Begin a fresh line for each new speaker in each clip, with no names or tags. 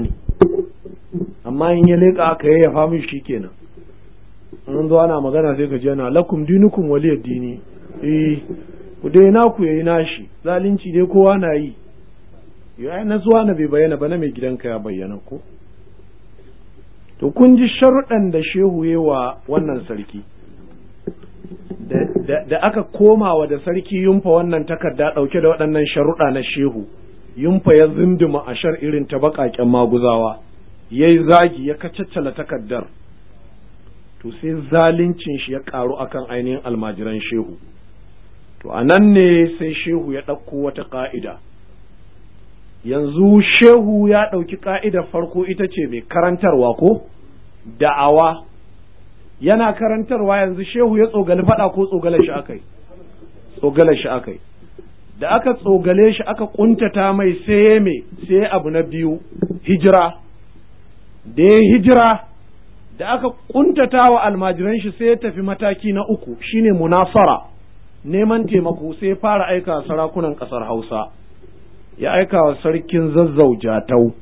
ne amma in ya leƙa aka yi ya min shi kenan an zuwa na magana sai ka ji yana lakum dinukum waliyar dini eh ku dai ya yayi nashi zalunci dai kowa na yi ya na zuwa na bai bayyana ba na mai gidanka ya bayyana ko to kun ji sharuɗan da shehu wa wannan sarki da aka komawa da sarki yumfa wannan takarda ɗauke da waɗannan sharuɗa na shehu Yumfa ya zinduma a shar irin ta baƙaƙen maguzawa ya yi zagi ya kacaccala takaddar to sai zalincin shi ya ƙaru akan ainihin almajiran shehu to a nan ne sai shehu ya ɗauko wata ƙa'ida yanzu shehu ya ɗauki ƙa'idar farko ita ce mai karantarwa ko da'awa yana karantarwa yanzu shehu ya tsogali faɗa ko tsogalar shi akai tsogalar shi akai da aka tsogale shi aka kuntata mai sai me sai abu na biyu hijira da ya hijira da aka kuntata wa almajiran shi sai ya tafi mataki na uku shine munasara neman taimako sai ya fara aika sarakunan kasar hausa ya aika wa sarkin zazzau jatau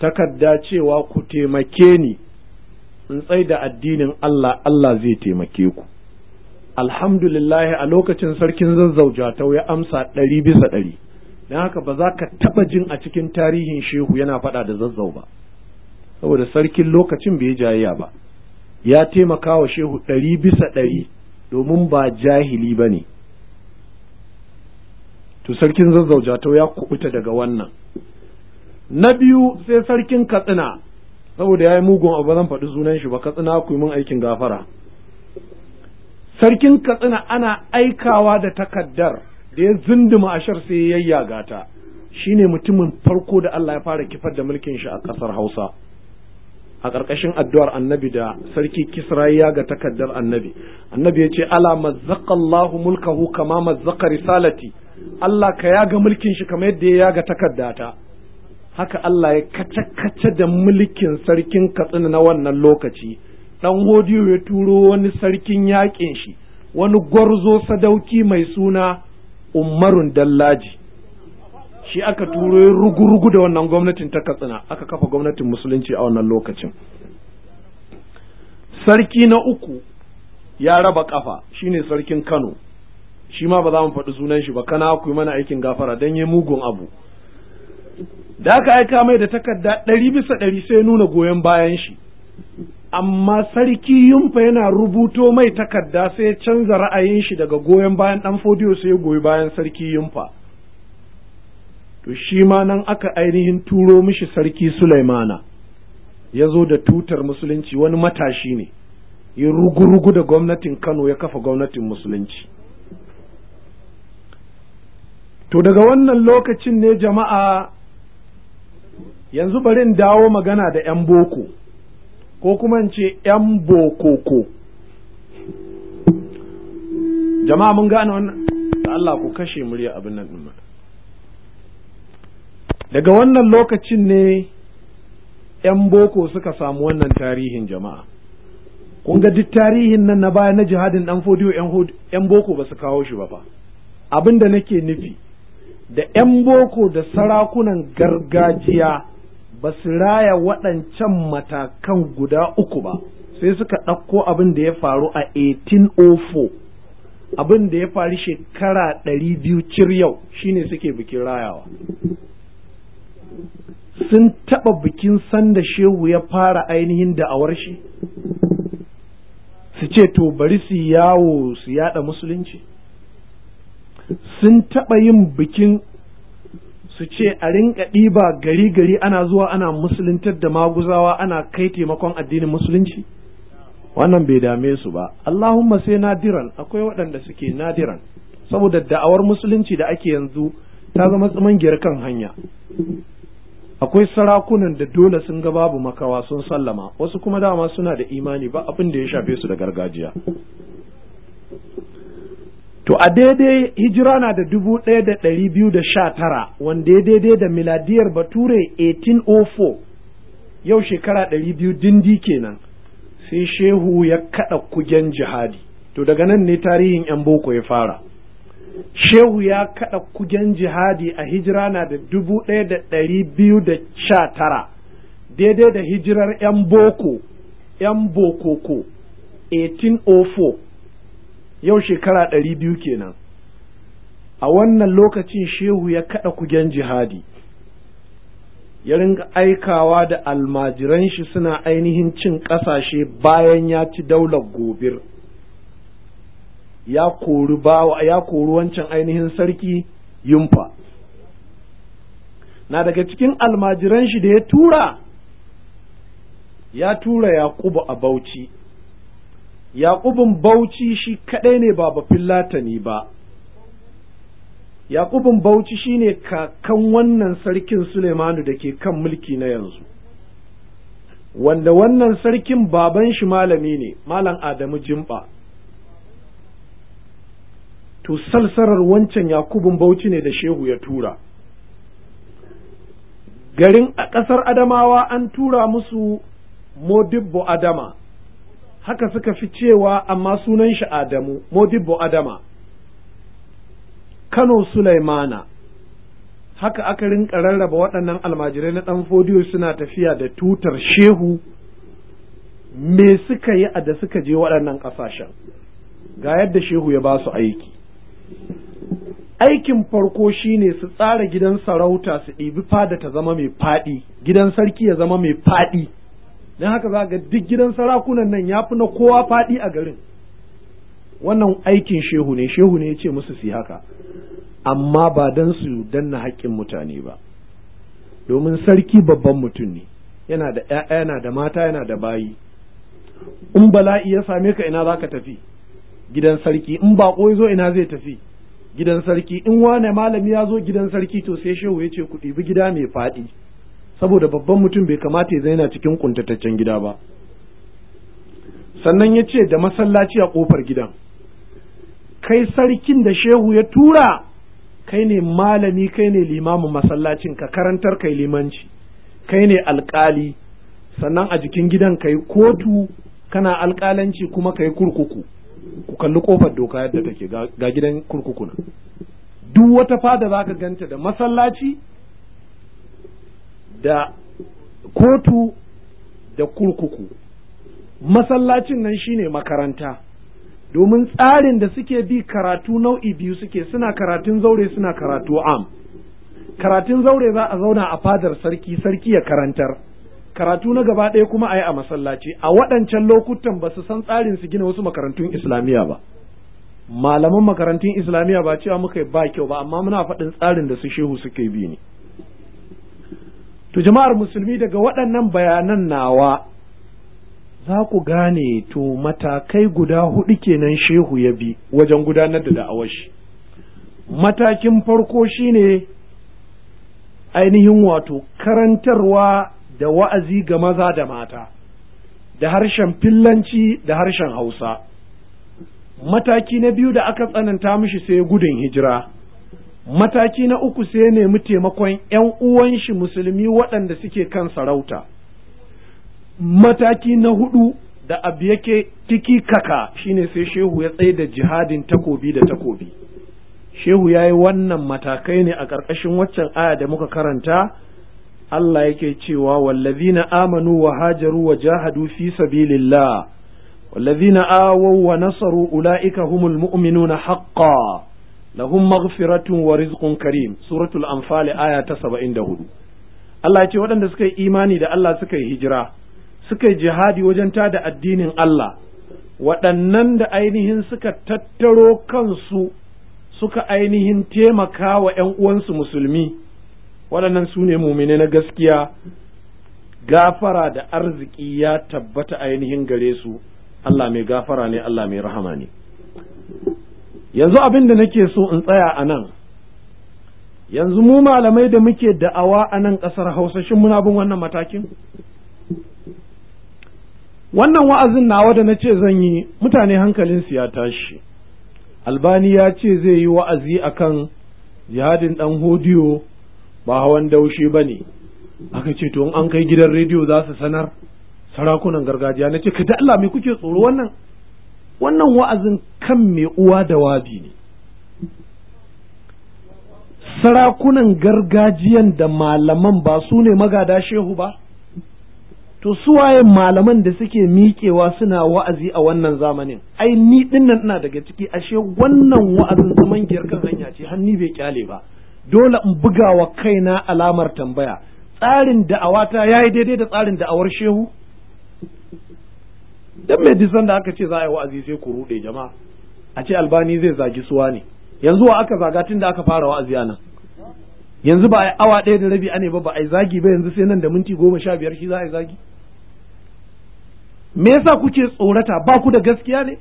takarda cewa ku taimake ni in tsai da addinin Allah Allah zai taimake ku alhamdulillahi a lokacin sarkin zazzauja ta ya amsa ɗari bisa ɗari don haka ba za ka taɓa jin a cikin tarihin shehu yana faɗa da zazzau ba saboda sarkin lokacin bai jayayya ba ya taimaka wa shehu ɗari bisa ɗari domin ba jahili ba ne to sarkin zazzauja ta ya kubuta daga wannan na biyu sai sarkin katsina saboda ya yi mugun abu zan faɗi sunan shi ba katsina ku yi mun aikin gafara sarkin katsina ana aikawa da takaddar da ya zunduma ashar sai ya yayyaga ta shine mutumin farko da Allah ya fara kifar da mulkin shi a ƙasar Hausa a ƙarƙashin addu'ar annabi da sarki Kisra ya ga takaddar annabi annabi ya ce ala mazzaqallahu mulkahu kama mazzaqa risalati Allah ka yaga mulkin shi kamar yadda ya yaga takaddata haka Allah ya kace kace da mulkin sarkin Katsina na wannan lokaci Dan hodiyo ya turo wani sarkin yaƙin shi wani gwarzo sadauki mai suna umarun dallaji shi aka turo ya rugu-rugu da wannan gwamnatin ta katsina aka kafa gwamnatin musulunci a wannan lokacin sarki na uku ya raba kafa shine sarkin kano shi ma ba za mu faɗi sunan shi ba kana ku yi mana aikin gafara don yi mugun abu da aka aika mai da takarda ɗari bisa ɗari sai nuna goyon bayan shi amma sarki yumfa yana rubuto mai takarda sai ya canza ra'ayin shi daga goyon bayan ɗan fodiyo sai ya goyi bayan sarki yumfa to shi ma nan aka ainihin turo mishi sarki sulaimana ya zo da tutar musulunci wani matashi ne ya rugu-rugu da gwamnatin kano ya kafa gwamnatin musulunci to daga wannan lokacin ne jama'a yanzu bari in dawo magana da 'yan boko ko kuma in ce 'yan bokoko jama'a mun gane wannan da Allah ku kashe murya abin nan ɗin daga wannan lokacin ne 'yan boko suka samu wannan tarihin jama'a kun ga duk tarihin nan na baya na jihadin ɗan fodiyo 'yan boko ba su kawo shi ba fa abin da nake nufi da 'yan boko da sarakunan gargajiya ba su raya waɗancan matakan guda uku ba sai suka ɗauko abin da ya faru a 1804 abin da ya faru shekara ɗari biyu cir yau shine suke bikin rayawa sun taɓa bikin sanda shehu ya fara ainihin da'awar shi su ce to bari su yawo su yada musulunci sun taɓa yin bikin su ce a rinka ɗiba gari gari ana zuwa ana musuluntar da maguzawa ana kai taimakon addinin musulunci wannan bai dame su ba Allahumma sai nadiran akwai waɗanda suke nadiran saboda da'awar musulunci da ake yanzu ta zama tsaman kan hanya akwai sarakunan da dole sun ga babu makawa sun sallama wasu kuma dama suna da imani ba abin da ya shafe su da gargajiya to a daidai hijira na da dubu ɗaya da ɗari biyu da sha tara wanda ya daidai da miladiyar bature 1804 yau shekara ɗari biyu dindi kenan sai shehu ya kaɗa kugen jihadi to daga nan ne tarihin 'yan boko ya fara shehu ya kaɗa kugen jihadi a hijira na da dubu ɗaya da ɗari biyu da sha tara daidai da hijirar 'yan boko 'yan bokoko 1804 yau shekara ɗari biyu kenan a wannan lokacin shehu ya kaɗa kugen jihadi ya ringa aikawa da almajiran shi suna ainihin cin ƙasashe bayan ya ci daular gobir ya kori wancan ainihin sarki yumfa na daga cikin almajiran shi da ya tura ya tura yakubu a bauchi Yaƙubun Bauchi shi kaɗai ne ba bafin latani ba, Yaƙubun Bauchi shi ne kakan wannan sarkin Suleimanu da ke kan mulki na yanzu, wanda wannan sarkin baban shi malami ne, Malam Adamu Jimba. To, salsarar wancan Yaƙubun Bauchi ne da Shehu ya tura. Garin a ƙasar Adamawa an tura musu Modibbo Adama. haka suka fi cewa amma sunan shi Adamu Modibbo Adama Kano Sulaimana haka aka rinka rarraba waɗannan almajirai na ɗan fodiyo suna tafiya da tutar shehu me suka yi a da suka je waɗannan ƙasashen ga yadda shehu ya ba su aiki aikin farko shine su tsara gidan sarauta su ɗibi fada ta zama mai faɗi gidan sarki ya zama mai faɗi don haka za ga duk gidan sarakunan nan ya fi na kowa faɗi a garin wannan aikin shehu ne shehu ne ya ce musu su haka amma ba don su danna haƙƙin mutane ba domin sarki babban mutum ne yana da ‘ya'ya yana da mata yana da bayi in bala'i ya same ka ina za ka tafi gidan sarki in baƙo ya zo ina zai tafi gidan sarki in wane malami ya zo gidan sarki to sai shehu ya ce ku ɗibi gida mai faɗi saboda babban mutum bai kamata ya zaina cikin kuntataccen gida ba sannan ya ce da masallaci a ƙofar gidan kai sarkin da shehu ya tura kai ne malami kai ne limamin masallacin ka karantar kai limanci kai ne alƙali sannan a jikin gidan kai kotu kana alƙalanci kuma kai kurkuku ku kalli ƙofar doka yadda take ga gidan kurkuku duk wata fada za ka ganta da masallaci da kotu da kurkuku masallacin nan shine makaranta domin tsarin da suke bi karatu nau'i biyu suke suna karatun zaure suna karatu am karatun zaure za a zauna a fadar sarki sarki ya karantar karatu na gaba ɗaya kuma a yi a masallaci a waɗancan lokutan ba su san tsarin su gina wasu makarantun islamiyya ba malaman makarantun islamiyya ba cewa muka ba kyau ba amma muna faɗin tsarin da su shehu suke bi ne to jama'ar musulmi daga waɗannan bayanan nawa za ku gane to matakai guda hudu kenan shehu ya bi wajen gudanar da da'awar shi matakin farko shine ainihin wato karantarwa da wa'azi ga maza da mata da harshen fillanci da harshen hausa mataki na biyu da aka tsananta mishi sai gudun hijira mataki na uku sai ya nemi taimakon ‘yan uwan shi musulmi waɗanda suke kan sarauta mataki na hudu da abu yake tiki kaka shine sai shehu ya tsaye da jihadin takobi da takobi shehu ya yi wannan matakai ne a ƙarƙashin waccan aya da muka karanta Allah yake cewa wallazina amanu wa hajaru wa jahadu fi sabilillah wallazina awaw wa nasaru ulaika humul mu'minuna haqqan lahum maghfiratun wa rizqun karim suratul anfal aya ta 74 Allah ya ce waɗanda suka yi imani da Allah suka yi hijira suka yi jihadi wajen tada addinin Allah waɗannan da ainihin suka tattaro kansu suka ainihin taimaka wa ‘yan uwansu musulmi waɗannan su ne mumine na gaskiya gafara da arziki ya tabbata ainihin gare su Allah mai gafara ne Allah mai rahama ne. yanzu abin da nake so in tsaya a nan yanzu mu malamai da muke da'awa a nan ƙasar hausa shin muna bin wannan matakin wannan wa'azin nawa da na ce zan yi mutane hankalinsu ya tashi albani ya ce zai yi wa'azi a kan jihadin ɗan hodiyo ba hawan daushe ba ne aka ce to an kai gidan rediyo za su sanar sarakunan gargajiya na ce ka da Allah me kuke tsoro wannan wannan wa'azin kan mai uwa da wabi ne sarakunan gargajiyan da malaman ba su ne magada shehu ba to su waye malaman da suke miƙewa suna wa'azi a wannan zamanin ai ni dinnan ina daga ciki ashe wannan wa'azin zaman kan hanya ce hannu bai kyale ba dole in buga wa kaina alamar tambaya tsarin da'awata ya yi daidai da tsarin da'awar shehu dan me dizan da aka ce za a yi wa'azi sai ku rude jama'a a ce albani zai zagi suwa ne yanzu wa aka zaga tun da aka fara wa'azi a nan yanzu ba a awa ɗaya da rabi ane ba ba a yi zagi ba yanzu sai nan da minti goma sha biyar shi za a yi zagi me yasa kuke tsorata ba ku da gaskiya ne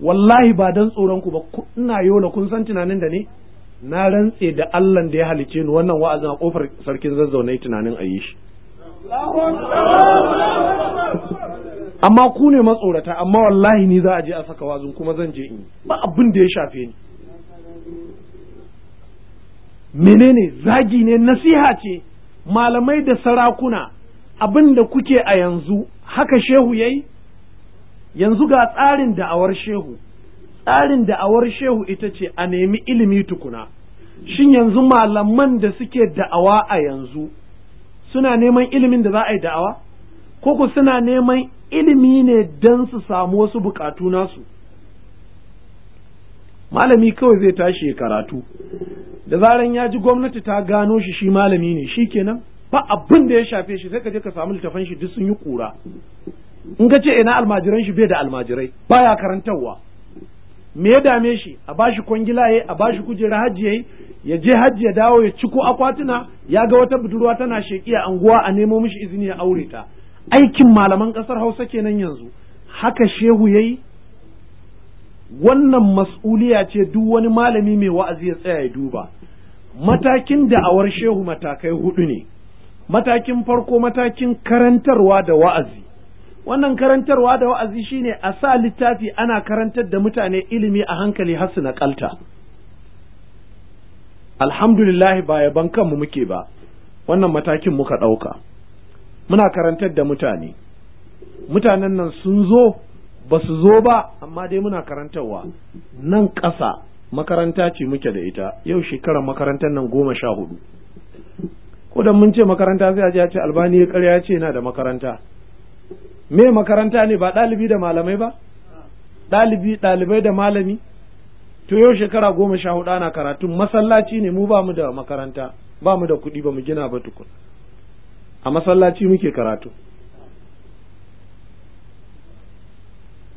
wallahi ba dan tsoron ku ba ina yola kun san tunanin da ne na rantse da Allah da ya halice ni wannan wa'azin a kofar sarkin zazzaunai tunanin a yi shi amma ku ne matsorata amma wallahi ni za a je a saka wazin kuma zan je in ba abin da ya shafe ni menene zagi ne nasiha ce malamai da sarakuna abin da kuke a yanzu haka shehu yayi yanzu ga tsarin da'awar shehu tsarin da'awar shehu ita ce a nemi ilimi tukuna shin yanzu malaman da suke da'awa a yanzu suna neman ilimin da za a yi da'awa ko ku suna neman ilimi ne don su samu wasu bukatu nasu malami kawai zai tashi ya karatu da zaran ya ji gwamnati ta gano shi shi malami ne shi kenan ba abin da ya shafe shi sai ka je ka samu littafan shi duk sun yi kura in ka ce ina almajiran shi bai da almajirai baya karantarwa me ya dame shi a bashi kwangila a bashi kujera hajji yayi ya je hajji ya dawo ya ciko akwatuna ya ga wata budurwa tana shekiya anguwa a nemo mishi izini ya aure ta aikin malaman ƙasar Hausa kenan yanzu haka shehu yayi wannan mas'uliya ce duk wani malami mai wa'azi ya tsaya ya duba matakin da'awar shehu matakai hudu ne matakin farko matakin karantarwa da wa'azi wannan karantarwa da wa'azi shine a sa littafi ana karantar da mutane ilimi a hankali har su naƙalta alhamdulillah ba yaban kanmu muke ba wannan matakin muka ɗauka muna karantar da mutane mutanen nan sun zo ba su zo ba amma dai muna karantarwa nan ƙasa makaranta ce muke da ita yau shekarar makarantar nan goma sha hudu ko da mun ce makaranta zai a ce albani ya ce yana da makaranta me makaranta ne ba ɗalibi da malamai ba ɗalibi ɗalibai da malami to yau shekara goma sha hudu ana karatun masallaci ne mu ba mu da makaranta ba mu da kuɗi ba mu gina ba tukun a masallaci muke karatu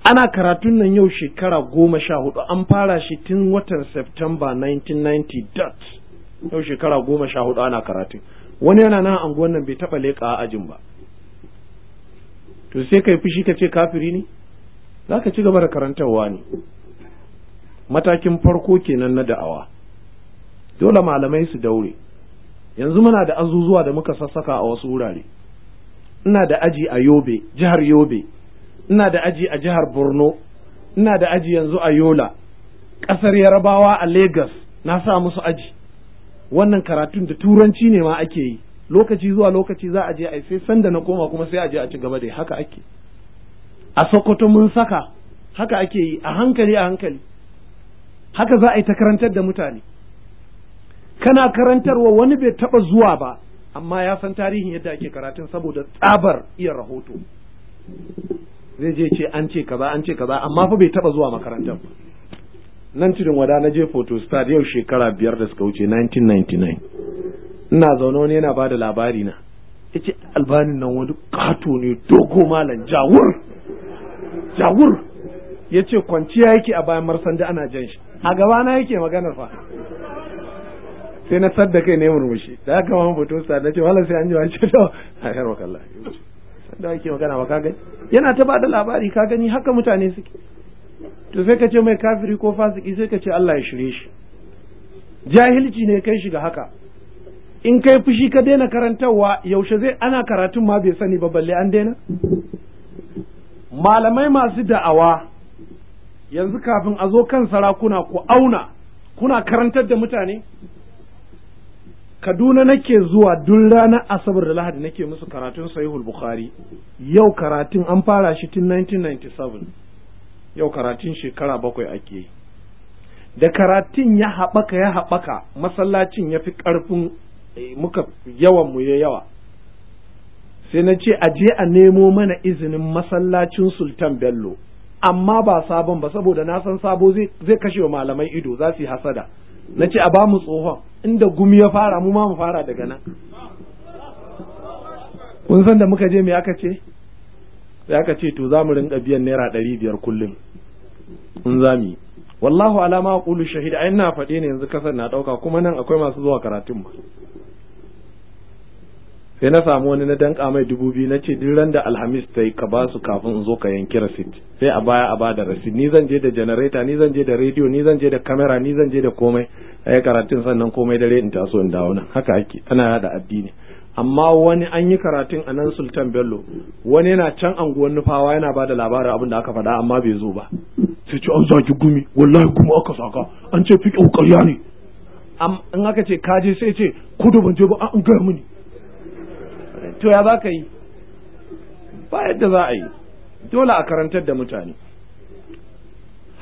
ana karatun nan yau shekara goma sha hudu an fara shi tun watan september 1990 dot yau shekara goma sha hudu ana karatun wani yana nan anguwan nan bai taɓa leƙa ajin ba to sai ka kai fushi ka ce kafiri ne za ka ci gaba da karantarwa ne matakin farko kenan na da'awa dole malamai su daure yanzu muna da azuzuwa da muka sassaka a wasu wurare ina da aji a yobe jihar yobe ina da aji a jihar borno ina da aji yanzu a yola ƙasar yarabawa a Legas na sa musu aji wannan karatun da turanci ne ma ake yi lokaci zuwa lokaci za a je a sai sanda na koma kuma sai a je a ci gaba da haka ake a sokoto mun saka haka ake yi a hankali a hankali haka za a yi ta karantar da mutane kana karantarwa wani bai taba zuwa ba amma ya san tarihin yadda ake karatun saboda tsabar iya rahoto zai je ce an ce ka ba an ce ka ba, amma fa bai taba zuwa makarantar nan cikin wada na je photo yau shekara biyar da suka wuce 1999 ina zaune wani yana ba da labari na ya ce albanin nan wani kato ne dogo malam jawur jawur ya ce kwanciya yake a bayan marsanda ana jan shi a gaba na yake maganar fa sai na sadda kai ne murmushi da aka mamu fito sa na ce wala sai an ji wani cewa a yar wakalla sadda yake magana ba ka gani yana ta ba da labari ka gani haka mutane suke to sai ka ce mai kafiri ko fasiki sai ka ce Allah ya shirye shi jahilci ne kai shi ga haka in kai fushi ka daina karantarwa yaushe zai ana karatun ma bai sani ba balle an daina malamai masu da'awa yanzu kafin a zo kan sarakuna ku auna kuna karantar da mutane Kaduna nake zuwa duk ranar Asabar da Lahadi nake musu karatun Sahihul Bukhari yau karatun an fara shi tun 1997 yau karatun shekara bakwai ake yi da karatun ya haɓaka ya haɓaka masallacin ya fi ƙarfin Eh, muka yawan mu ya yawa sai na ce a je a nemo mana izinin masallacin sultan bello amma ba sabon ba saboda na san sabo zai kashe wa malamai ido za su yi hasada na ce a ba mu tsohon inda gumi ya fara mu ma mu fara daga nan kun san da muka je me aka ce sai aka ce to za mu rinka biyan naira ɗari biyar kullum in za mu yi wallahu alama ƙulu shahida ai ina faɗi ne yanzu kasar na ɗauka kuma nan akwai masu zuwa karatun ba. sai na samu wani na danka mai dubu biyu na ce duk da alhamis ta yi ka ba su kafin in zo ka yanki rasit sai a baya a bada rasit ni zan je da janareta ni zan je da rediyo ni zan je da kamera ni zan je da komai ai karatun sannan komai dare in taso in dawo nan haka ake ana yada addini amma wani an yi karatun a nan sultan bello wani yana can anguwan nufawa yana ba da labarin abin da aka faɗa amma bai zo ba sai ce an zaki gumi wallahi kuma aka saka an ce fiƙe ƙarya ne in aka ce kaje sai ce kudu ban je ba an gaya mini to ya za ka yi ba yadda za a yi dole a karantar da mutane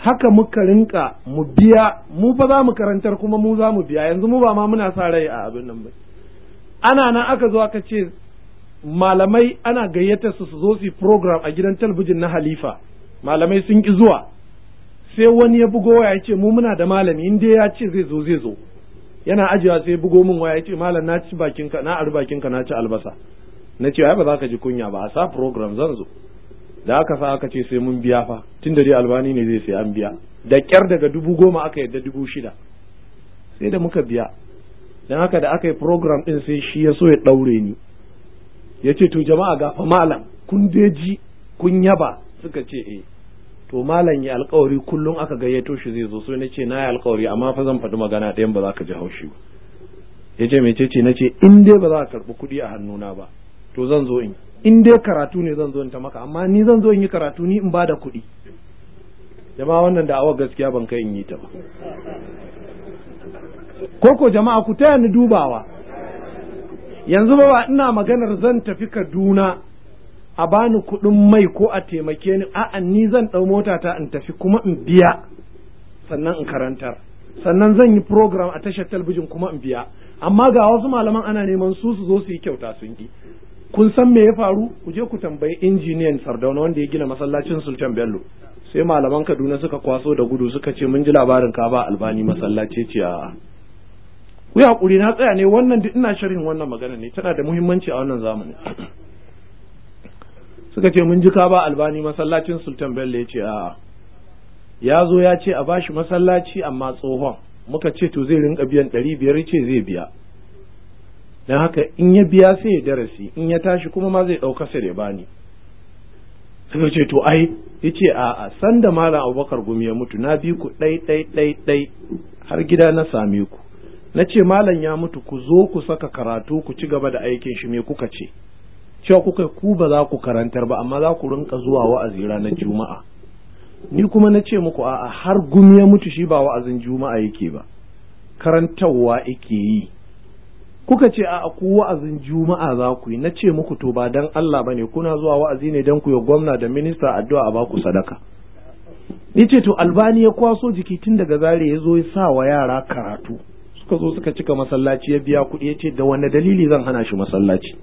haka muka rinka mu biya mu ba za mu karantar kuma mu za mu biya yanzu mu ba ma muna sa rai a abin nan ba ana nan aka zo aka ce malamai ana gayyata su su zo su program a gidan talabijin na halifa malamai sun ki zuwa sai wani ya bugo waya ce mu muna da malami in dai ya ce zai zo zai zo yana ajiya sai ya bugo min waya ya ce malam na ci na ari bakinka na ci albasa na ce ai ba za ka ji kunya ba a sa program zan zo da aka sa aka ce sai mun biya fa tun da dai albani ne zai sai an biya da kyar daga dubu goma aka yadda dubu shida sai da muka biya don haka da aka yi program din sai shi ya so ya ɗaure ni ya ce to jama'a ga fa malam kun ji kun yaba suka ce eh to malam ya alkawari kullum aka gayyato shi zai zo so na ce na yi alkawari amma fa zan faɗi magana ɗayan ba za ka ji haushi ba ya ce mai ce na ce in dai ba za ka karɓi kuɗi a hannuna ba to zan zo in in dai karatu ne zan zo in ta maka amma ni zan zo in yi karatu ni in ba da kuɗi jama'a wannan da'awar gaskiya ban kai in yi ta ba ko jama'a ku taya ni dubawa yanzu ba ina maganar zan tafi kaduna a bani kuɗin mai ko a taimake ni a'a ni zan ɗau mota ta in tafi kuma in biya sannan in karantar sannan zan yi program a tashar talabijin kuma in biya amma ga wasu malaman ana neman su su zo su yi kyauta sun yi kun san me ya faru ku je ku tambayi injiniyan sardauna wanda ya gina masallacin sultan bello sai malaman kaduna suka kwaso da gudu suka ce mun ji labarin ka ba albani masallaci ce a ku yi hakuri na tsaya ne wannan duk ina sharhin wannan magana ne tana da muhimmanci a wannan zamanin suka ce mun ji ka ba albani masallacin sultan bello ya ce a ya zo ya ce a bashi masallaci amma tsohon muka ce to zai rinka biyan ɗari biyar ce zai biya don haka in ya biya sai ya darasi in ya tashi kuma ma zai ɗauka sai ya bani sai ce to ai yace a a san da malam abubakar gumi ya mutu na bi ku ɗai ɗai ɗai ɗai har gida na same ku na ce malam ya mutu ku zo ku saka karatu ku ci gaba da aikin shi me kuka ce cewa kuka ku ba za ku karantar ba amma za ku rinka zuwa wa'azi ranar juma'a ni kuma na ce muku a'a har gumi ya mutu shi ba wa'azin juma'a yake ba karantarwa yake yi kuka ce a ku wa'azin juma'a za ku yi na ce muku to ba dan Allah bane kuna zuwa wa'azi ne dan ku ya gwamna da minista addu'a a baku sadaka ni ce to albani ya kwaso jiki tun daga zare ya zo ya sa wa yara karatu suka zo suka cika masallaci ya biya kuɗi ya ce da wani dalili zan hana shi masallaci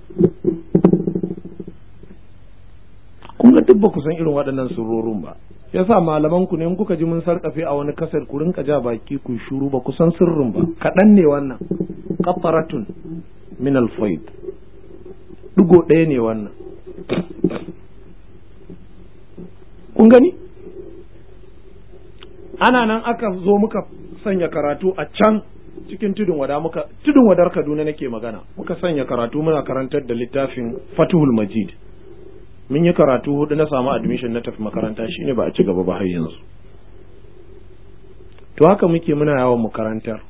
kun duk ba ku san irin waɗannan surorin ba yasa malaman ku ne in kuka ji mun sarkafe a wani kasar ku rinka ja baki ku shuru ba kusan sirrin ba kaɗan ne wannan kafaratun min alfaid digo ɗaya ne wannan kun gani ana nan aka zo muka sanya karatu a can cikin tudun wada muka tudun wadar Kaduna nake magana muka sanya karatu muna karantar da littafin Fathul Majid mun yi karatu hudu na samu admission na tafi makaranta ne ba a ci gaba ba har yanzu to haka muke muna yawon makarantar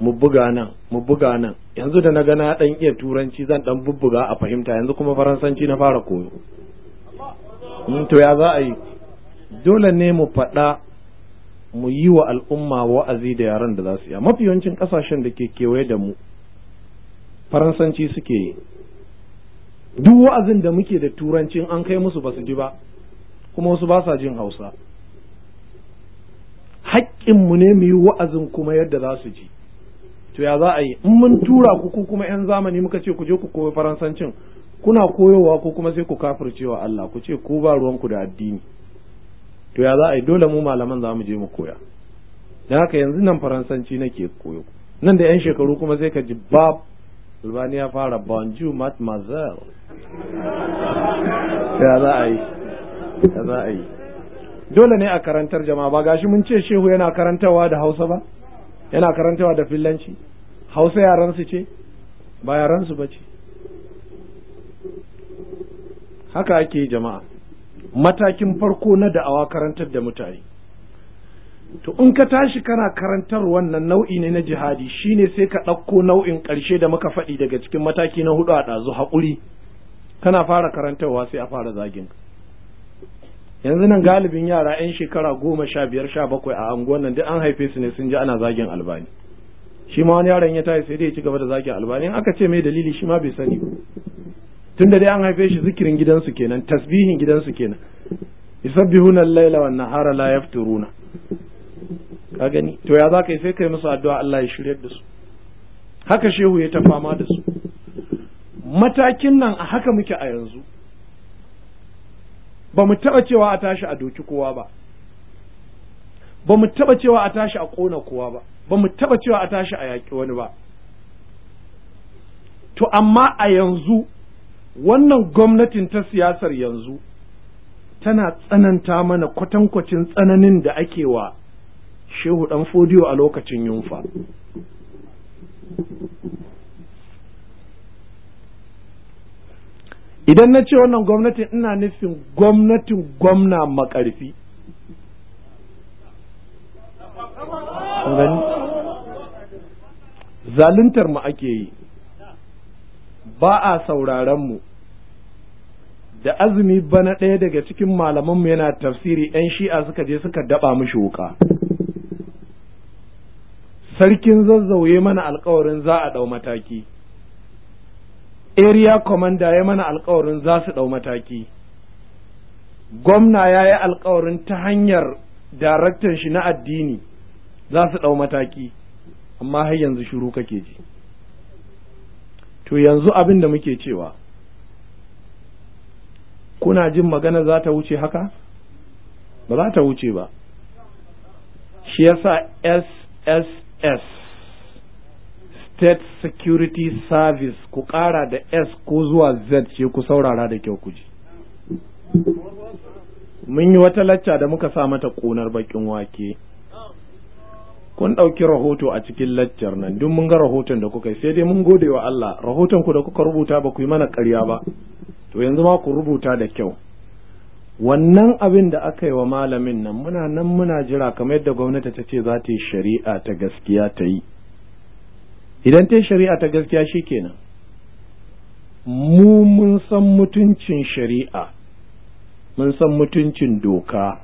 mu buga nan mu buga nan yanzu da na ga na dan iya turanci zan dan bubbuga a fahimta yanzu kuma faransanci na fara koyo mun hmm, to ya za a yi dole ne mu faɗa mu yi wa al'umma wa'azi da yaran da za su yi mafi yawancin ƙasashen da ke kewaye da mu faransanci suke yi duk wa'azin da muke da turanci an kai musu ba su ji ba kuma wasu ba sa jin hausa haƙƙinmu ne mu yi wa'azin kuma yadda za su ji to ya za a yi in mun tura ku ku kuma 'yan zamani muka ce ku je ku koyi faransancin kuna koyowa ko kuma sai ku kafircewa Allah ku ce ku ba ruwanku da addini to ya za a yi dole mu malaman za mu je mu koya don haka yanzu nan faransanci nake koyo nan da 'yan shekaru kuma sai ka ji ba albani ya fara bonjour mademoiselle ya za a yi ya za a yi dole ne a karantar jama'a ba gashi mun ce shehu yana karantarwa da hausa ba yana karantarwa da fillanci hausa yaransu ce ba yaransu ba ce haka ake jama'a matakin farko na da'awa karantar da mutane to in ka tashi kana karantar wannan nau'i ne na jihadi shi ne sai ka ɗauko nau'in ƙarshe da muka faɗi daga cikin mataki na hudu a ɗazu haƙuri kana fara karantarwa sai a fara zagin yanzu nan galibin yara 'yan shekara goma sha biyar sha bakwai a anguwan nan duk an haife su ne sun ji ana zagin albani shi ma wani yaron ya tashi sai dai ya ci gaba da zagin albani aka ce mai dalili shi ma bai sani tun da dai an haife shi zikirin gidansu kenan tasbihin gidansu kenan yusabbihuna al-laila wan nahara la yafturuna ka gani to ya za ka yi sai kai musu addu'a Allah ya shiryar da su haka shehu ya ta fama da su matakin nan a haka muke a yanzu ba mu taɓa cewa a tashi a doki kowa ba ba mu taɓa cewa a tashi a ƙona kowa ba ba mu taɓa cewa a tashi a yaƙi wani ba to amma a yanzu wannan gwamnatin ta siyasar yanzu tana tsananta mana kwatankwacin tsananin da ake wa shehu dan fodiyo a lokacin yunfa idan na ce wannan gwamnatin ina nufin gwamnatin gwamna makarfi zaluntar mu ake yi ba a sauraron mu da azumi bana ɗaya daga cikin malamanmu yana tafsiri 'yan shi'a suka je suka daɓa mishi wuka sarkin zazzauye mana alkawarin za a ɗau mataki area commander ya mana alkawarin za su ɗau mataki gwamna ya yi alkawarin ta hanyar daraktan shi na addini za su ɗau mataki amma har yanzu shiru kake ji to yanzu abin da muke cewa kuna jin magana za ta wuce haka ba za ta wuce ba shi yasa ss s state security service ku ƙara da s ko zuwa z ce ku saurara da kyau ku ji mun yi wata lacca da muka sa mata ƙunar baƙin wake kun ɗauki rahoto a cikin laccar nan duk mun ga rahoton da kuka yi sai dai mun gode wa Allah rahoton ku da kuka rubuta ba ku yi mana ƙarya ba to yanzu ma ku rubuta da kyau wannan abin da aka yi wa malamin nan muna nan muna jira kamar yadda gwamnati ta ce za ta yi shari'a ta gaskiya ta yi idan ta yi shari'a ta gaskiya shi kenan mu mun san mutuncin shari'a mun san mutuncin doka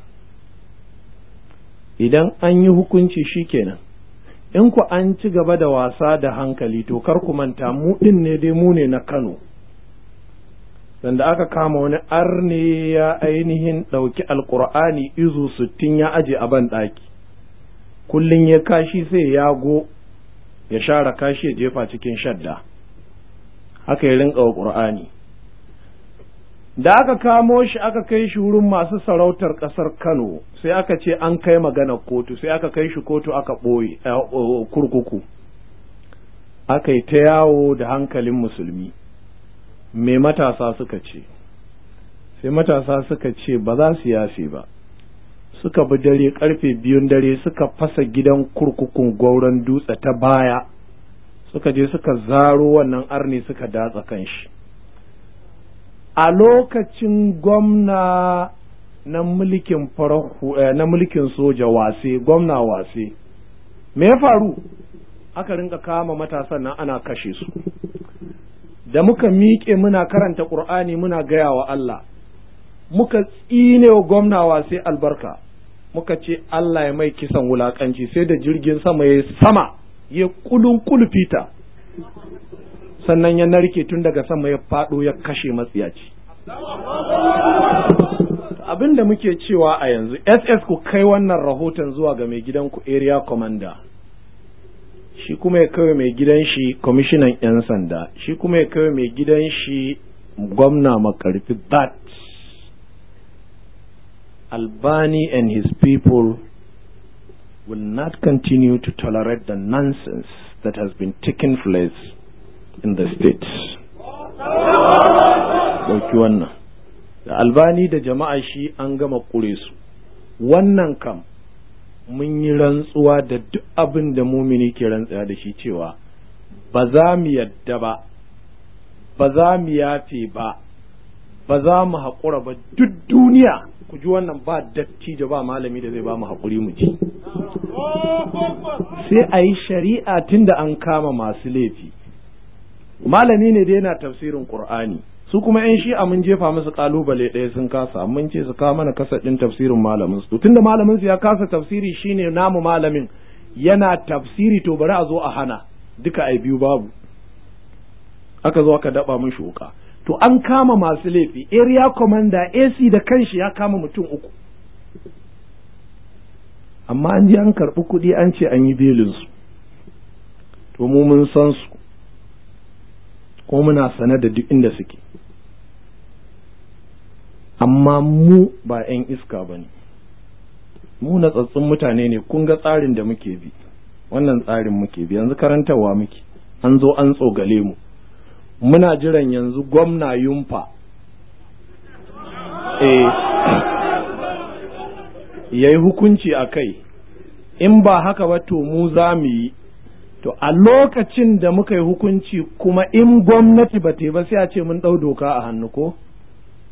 idan an yi hukunci shi kenan in ku an ci gaba da wasa da hankali to kar ku manta mu ɗin ne dai mu ne na kano sanda aka kama wani arni ya ainihin ɗauki alkur'ani izu sittin ya aje a ban ɗaki kullum ya kashi sai ya go ya share kashi ya jefa cikin shadda haka ya rinka wa ƙur'ani da aka kamo shi aka kai shi wurin masu sarautar ƙasar kano sai aka ce an kai magana kotu sai aka kai shi kotu aka ɓoye eh, kurkuku aka yi ta yawo da hankalin musulmi me matasa suka ce sai matasa suka ce ba za su yafe ba suka bi dare karfe biyun dare suka fasa gidan kurkukun gwauron dutse ta baya suka je suka zaro wannan arni suka datsa kan shi a lokacin gwamna na mulkin eh, na mulkin soja wase gwamna wase me ya faru aka rinka kama matasan nan ana kashe su da muka miƙe muna karanta ƙur'ani muna gaya wa Allah muka tsine wa gwamnawa sai albarka muka ce Allah ya mai kisan wulaƙanci sai da jirgin sama ya sama ya kulun kulfita sannan ya narke tun daga sama ya faɗo ya kashe matsiyaci abin da muke cewa a yanzu ss ku kai wannan rahoton zuwa ga mai gidan ku area commander shi kuma ya kawai mai gidan shi kwamishinan 'yan sanda shi kuma ya kawai mai gidan shi gwamna makarfi bat albani and his people will not continue to tolerate the nonsense that has been taking place in the state ɗauki wannan da albani da jama'a shi an gama kure su wannan kam mun yi rantsuwa da duk abin da mumini ke rantsuwa da shi cewa ba za mu yadda ba ba za mu yafe ba ba za mu haƙura ba duk duniya ku ji wannan ba datti da ba malami da zai ba mu haƙuri mu ji sai a yi shari'a tun da an kama masu laifi malami ne da yana tafsirin ƙur'ani su kuma yan shi'a mun jefa musu ƙalubale ɗaya sun kasa mun ce su kawo mana kasa ɗin tafsirin malamin su tunda malamin su ya kasa tafsiri shine namu malamin yana tafsiri to bari a zo a hana duka ai biyu babu aka zo aka daba mun shuka to an kama masu laifi area commander AC da kanshi ya kama mutum uku amma an ji an karɓi kuɗi an ce an yi belin su to mu mun san su ko muna sane da duk inda suke amma mu ba 'yan iska ba ne mu tsatsun mutane ne kun ga tsarin da muke bi wannan tsarin muke bi yanzu karantarwa muke an zo an tsogale mu muna jiran yanzu gwamna yumfa eh ya yi hukunci a kai in ba haka ba to mu za mu yi to a lokacin da muka yi hukunci kuma in gwamnati ba ta ba sai a ce mun ɗau doka a hannu ko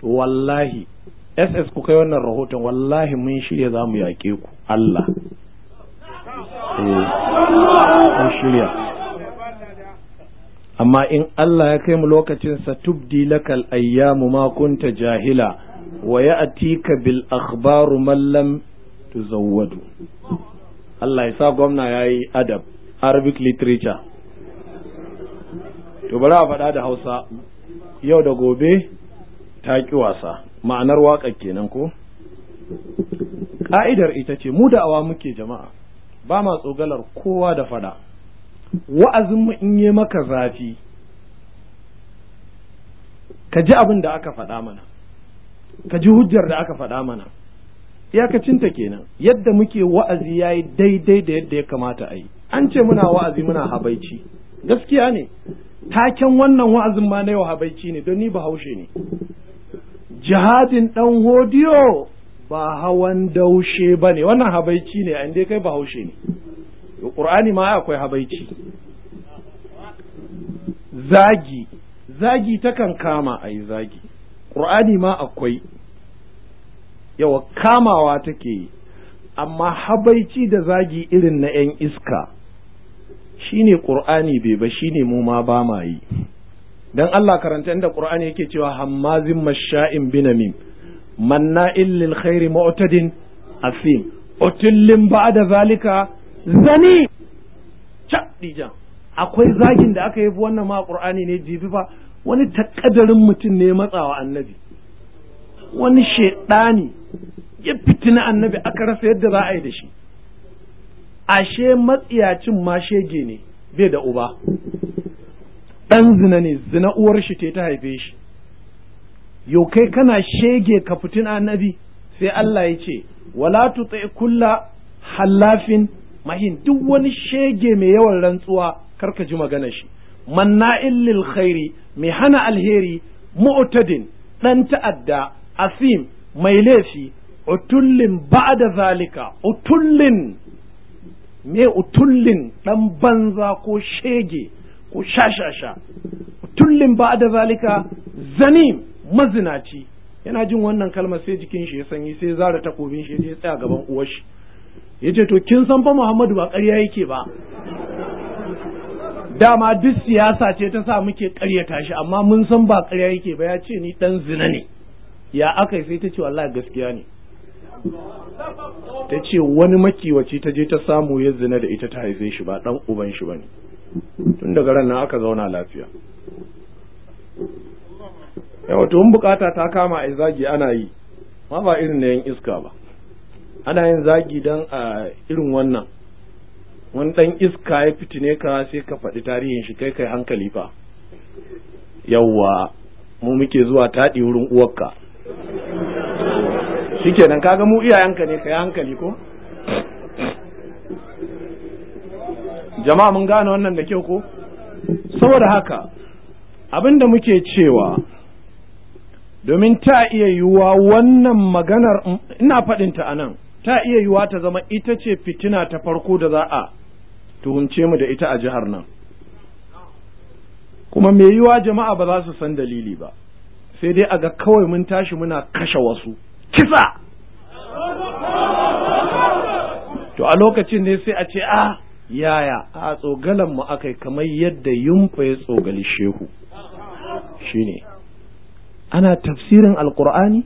wallahi ss ku kai wannan rahoton wallahi mun shirya za mu yaƙe ku allah eh, mun shirya amma in allah ya kai mu lokacin sa tubdi lakal ayyamu ma kunta jahila wa ya'tika bil akhbaru man lam tuzawwadu Allah ya sa gwamna yayi adab Arabic literature to bari a faɗa da Hausa yau da gobe ta ƙi wasa ma'anar waƙar kenan ko ƙa'idar ita ce mu da awa muke jama'a ba ma tsogalar kowa da fada wa'azinmu in yi maka zafi ka ji abin da aka faɗa mana ka ji hujjar da aka faɗa mana iyakacinta kenan yadda muke wa'azi ya yi daidai da yadda ya kamata a yi an ce muna wa'azi muna habaici gaskiya ne taken wannan wa'azin ma na yau habaici ne don ni bahaushe ne jihadin ɗan hodiyo ba hawan daushe ba ne wannan habaici ne inda kai ba haushe ne ƙur'ani ma akwai habaici zagi zagi takan kama a zagi ƙur'ani ma akwai yawa kamawa take yi amma habaici da zagi irin na 'yan iska shine ƙur'ani bai ba shine mu ma ba ma yi dan Allah karanta inda Qur'ani yake cewa hammazin masha'in binamim manna'il lil khairi mu'tadin asim utullin ba'da zalika zani chadija akwai zagin da aka yi wannan ma Qur'ani ne jibi ba. wani takadarin mutum ne matsawa annabi wani shedani ya fitina annabi aka rasa yadda za a yi da shi ashe matsiyacin ma shege ne bai da uba ɗan zina ne zina uwar shi ta haife shi yau kai kana shege ka fitin annabi sai Allah ya ce wala tuti kulla hallafin mahin duk wani shege mai yawan rantsuwa kar ka ji magana shi manna'in lil khairi mai hana alheri mu'tadin dan ta'adda asim mai laifi utullin ba'da zalika utullin me utullin dan banza ko shege ko shashasha tullin ba da zalika zanim mazinaci yana jin wannan kalmar sai jikin shi ya sanyi sai zara takobin shi ya tsaya gaban uwar shi ya ce to kin san ba Muhammadu ba ƙarya yake ba dama duk siyasa ce ta sa muke ƙaryata tashi, amma mun san ba ƙarya yake ba ya ce ni dan zina ne ya aka yi sai ta ce wallahi gaskiya ne ta ce wani makiwaci ta je ta samu ya zina da ita ta haife shi ba dan uban shi bane tun daga ran nan aka zauna lafiya yawa to mun bukata ta kama a zagi ana yi ma ba irin na yan iska ba ana yin zagi dan a irin wannan wani dan iska ya fitine ka sai ka faɗi tarihin shi kai kai hankali fa yawwa mu muke zuwa taɗi wurin uwarka shikenan kaga mu iyayenka ne kai hankali ko jama'a mun gane wannan da kyau ko saboda haka abin da muke cewa domin ta iya yiwuwa wannan maganar ina faɗinta a nan ta iya yiwuwa ta zama ita ce fitina ta farko da za a tuhunce mu da ita a jihar nan kuma mai yiwuwa jama'a ba za su san dalili ba sai dai a ga kawai mun tashi muna kashe wasu kisa to a lokacin ne sai a ce a ah, yaya a tsogalan mu akai kamar yadda yunfa ya tsogali shehu shine ana tafsirin alqur'ani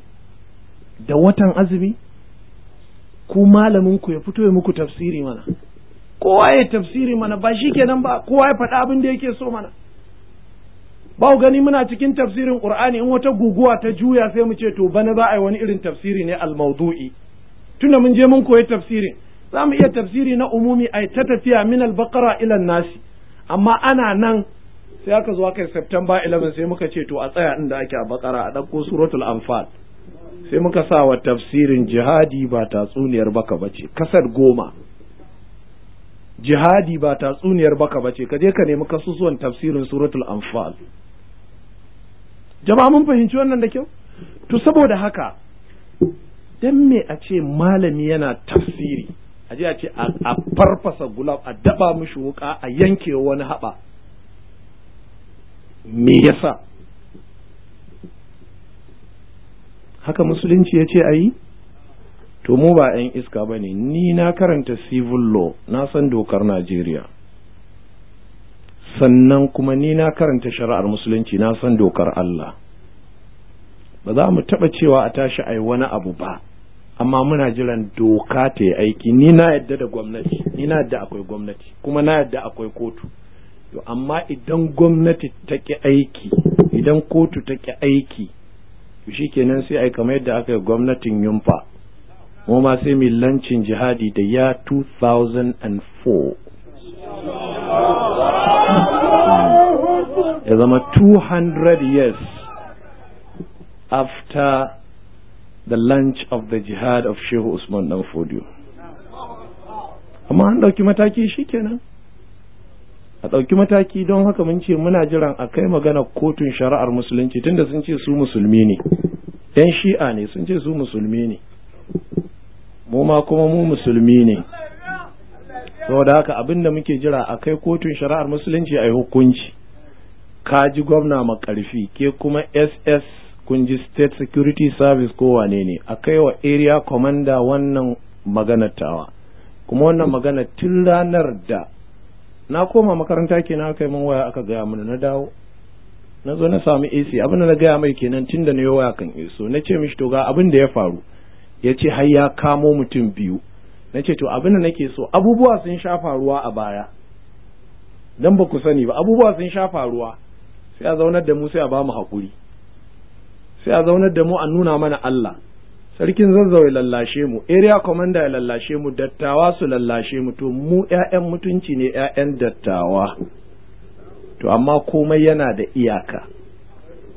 da watan azumi ku malamin ya fito ya muku tafsiri mana kowa ya tafsiri mana ba shi kenan ba kowa ya faɗa abin da yake so mana ba gani muna cikin tafsirin qur'ani in wata guguwa ta juya sai mu ce to bana za a yi wani irin tafsiri ne al-mawdu'i tunda mun je mun koyi tafsirin za mu iya tafsiri na umumi ai ta tafiya min al-baqara ila nasi amma ana nan sai aka zo aka September 11 sai muka ce to a tsaya inda ake a bakara a ɗauko suratul anfal sai muka sa wa tafsirin jihadi ba tatsuniyar baka bace kasar goma jihadi ba tatsuniyar baka bace ka je ka nemi kasusuwan tafsirin suratul anfal jama'a mun fahimci wannan da kyau to saboda haka dan me a ce malami yana tafsiri a a ce a farfasa gulab a daba mishi wuka a yanke wani haɓa me yasa haka musulunci ya ce a yi to mu ba 'yan iska ba ne ni na karanta civil law na san dokar najeriya sannan kuma ni na karanta shari'ar musulunci na san dokar allah ba za mu taɓa cewa a tashi a wani abu ba amma muna jiran doka ta yi aiki ni na yadda da gwamnati ni na yadda akwai gwamnati kuma na yadda akwai kotu to amma idan gwamnati ta ki aiki idan kotu ta ki aiki to shikenan sai ai kamar yadda aka yi gwamnatin yumfa mu ma sai mu lancin jihadi da ya 2004 ya zama 200 years after the launch of the jihad of Shehu Usman dan Fodio amma an ɗauki mataki shi kenan, a ɗauki mataki don haka mun ce muna jiran a kai magana kotun shari'ar musulunci tunda sun ce su musulmi ne yan shi'a ne sun ce su musulmi ne mu ma kuma mu musulmi ne saboda haka abin da muke jira a kai kotun shari'ar musulunci a yi hukunci ka ji gwamna makarfi ke kuma ss kun ji state security service ko wane ne a kai wa area commander wannan maganatawa kuma wannan magana tun ranar da na koma makaranta ke na kai min waya aka gaya mana na dawo na zo na sami AC abin da na gaya mai kenan tun da na yi waya kan iso na ce mishi to ga abin da ya faru ya ce har ya kamo mutum biyu na ce to abin da nake so abubuwa sun sha faruwa a baya dan ba ku sani ba abubuwa sun sha faruwa sai a zaunar da mu sai a ba mu haƙuri sai a zaunar da mu a nuna mana Allah sarkin zazzau ya lallashe mu area commander ya lallashe mu dattawa su lallashe mu to mu ƴaƴan mutunci ne ƴaƴan dattawa to amma komai yana da iyaka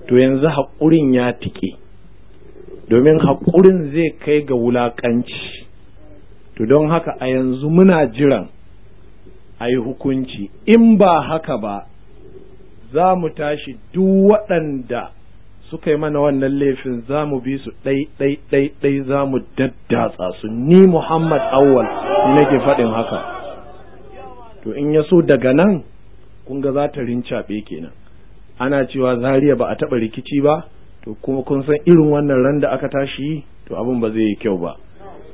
to yanzu haƙurin ya tike domin haƙurin zai kai ga wulaƙanci to don haka a yanzu muna jiran a yi hukunci in ba haka ba za mu tashi duk waɗanda suka yi mana wannan laifin za mu bi su ɗai-ɗai-ɗai za mu daddatsa su ni Muhammad awwal nake faɗin haka to in ya so daga nan kun ga za ta rincaɓe kenan ana cewa zariya ba a taɓa rikici ba to kuma kun san irin wannan ran da aka tashi to abin ba zai yi kyau ba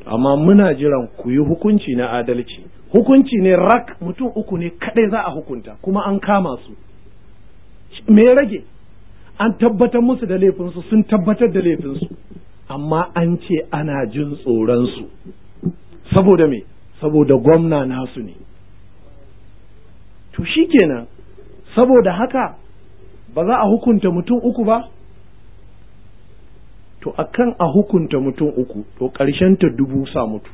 amma muna jiran ku yi hukunci na adalci hukunci ne rak mutum uku ne kaɗai za a hukunta kuma an kama su me rage an tabbatar musu da laifinsu sun tabbatar da laifinsu amma an ce ana jin tsoronsu saboda me saboda gwamna nasu ne to shi kenan saboda haka ba za a hukunta mutum uku ba to akan a hukunta mutum uku to ta dubu sa mutu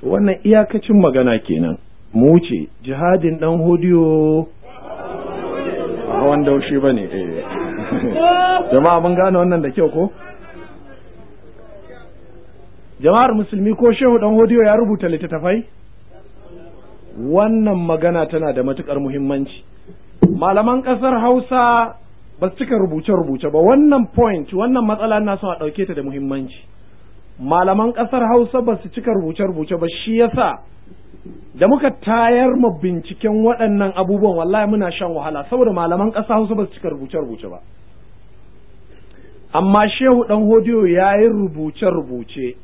to wannan iyakacin magana kenan mu wuce jihadin ɗan hodiyo hawan daushi ba ne eh. jama'a mun gane wannan da kyau ko jama'ar musulmi ko shehu dan hodiyo ya rubuta littattafai wannan magana tana da matukar muhimmanci malaman kasar hausa ba su cika rubuce-rubuce ba wannan point wannan matsala na son a ɗauke ta da muhimmanci malaman ƙasar hausa ba su cika rubuce-rubuce ba shi yasa da muka tayar ma binciken waɗannan abubuwan wallahi muna shan wahala saboda malaman ƙasa Hausa ba su cika rubuce-rubuce ba amma Shehu ɗan Hodiyo ya yi rubuce-rubuce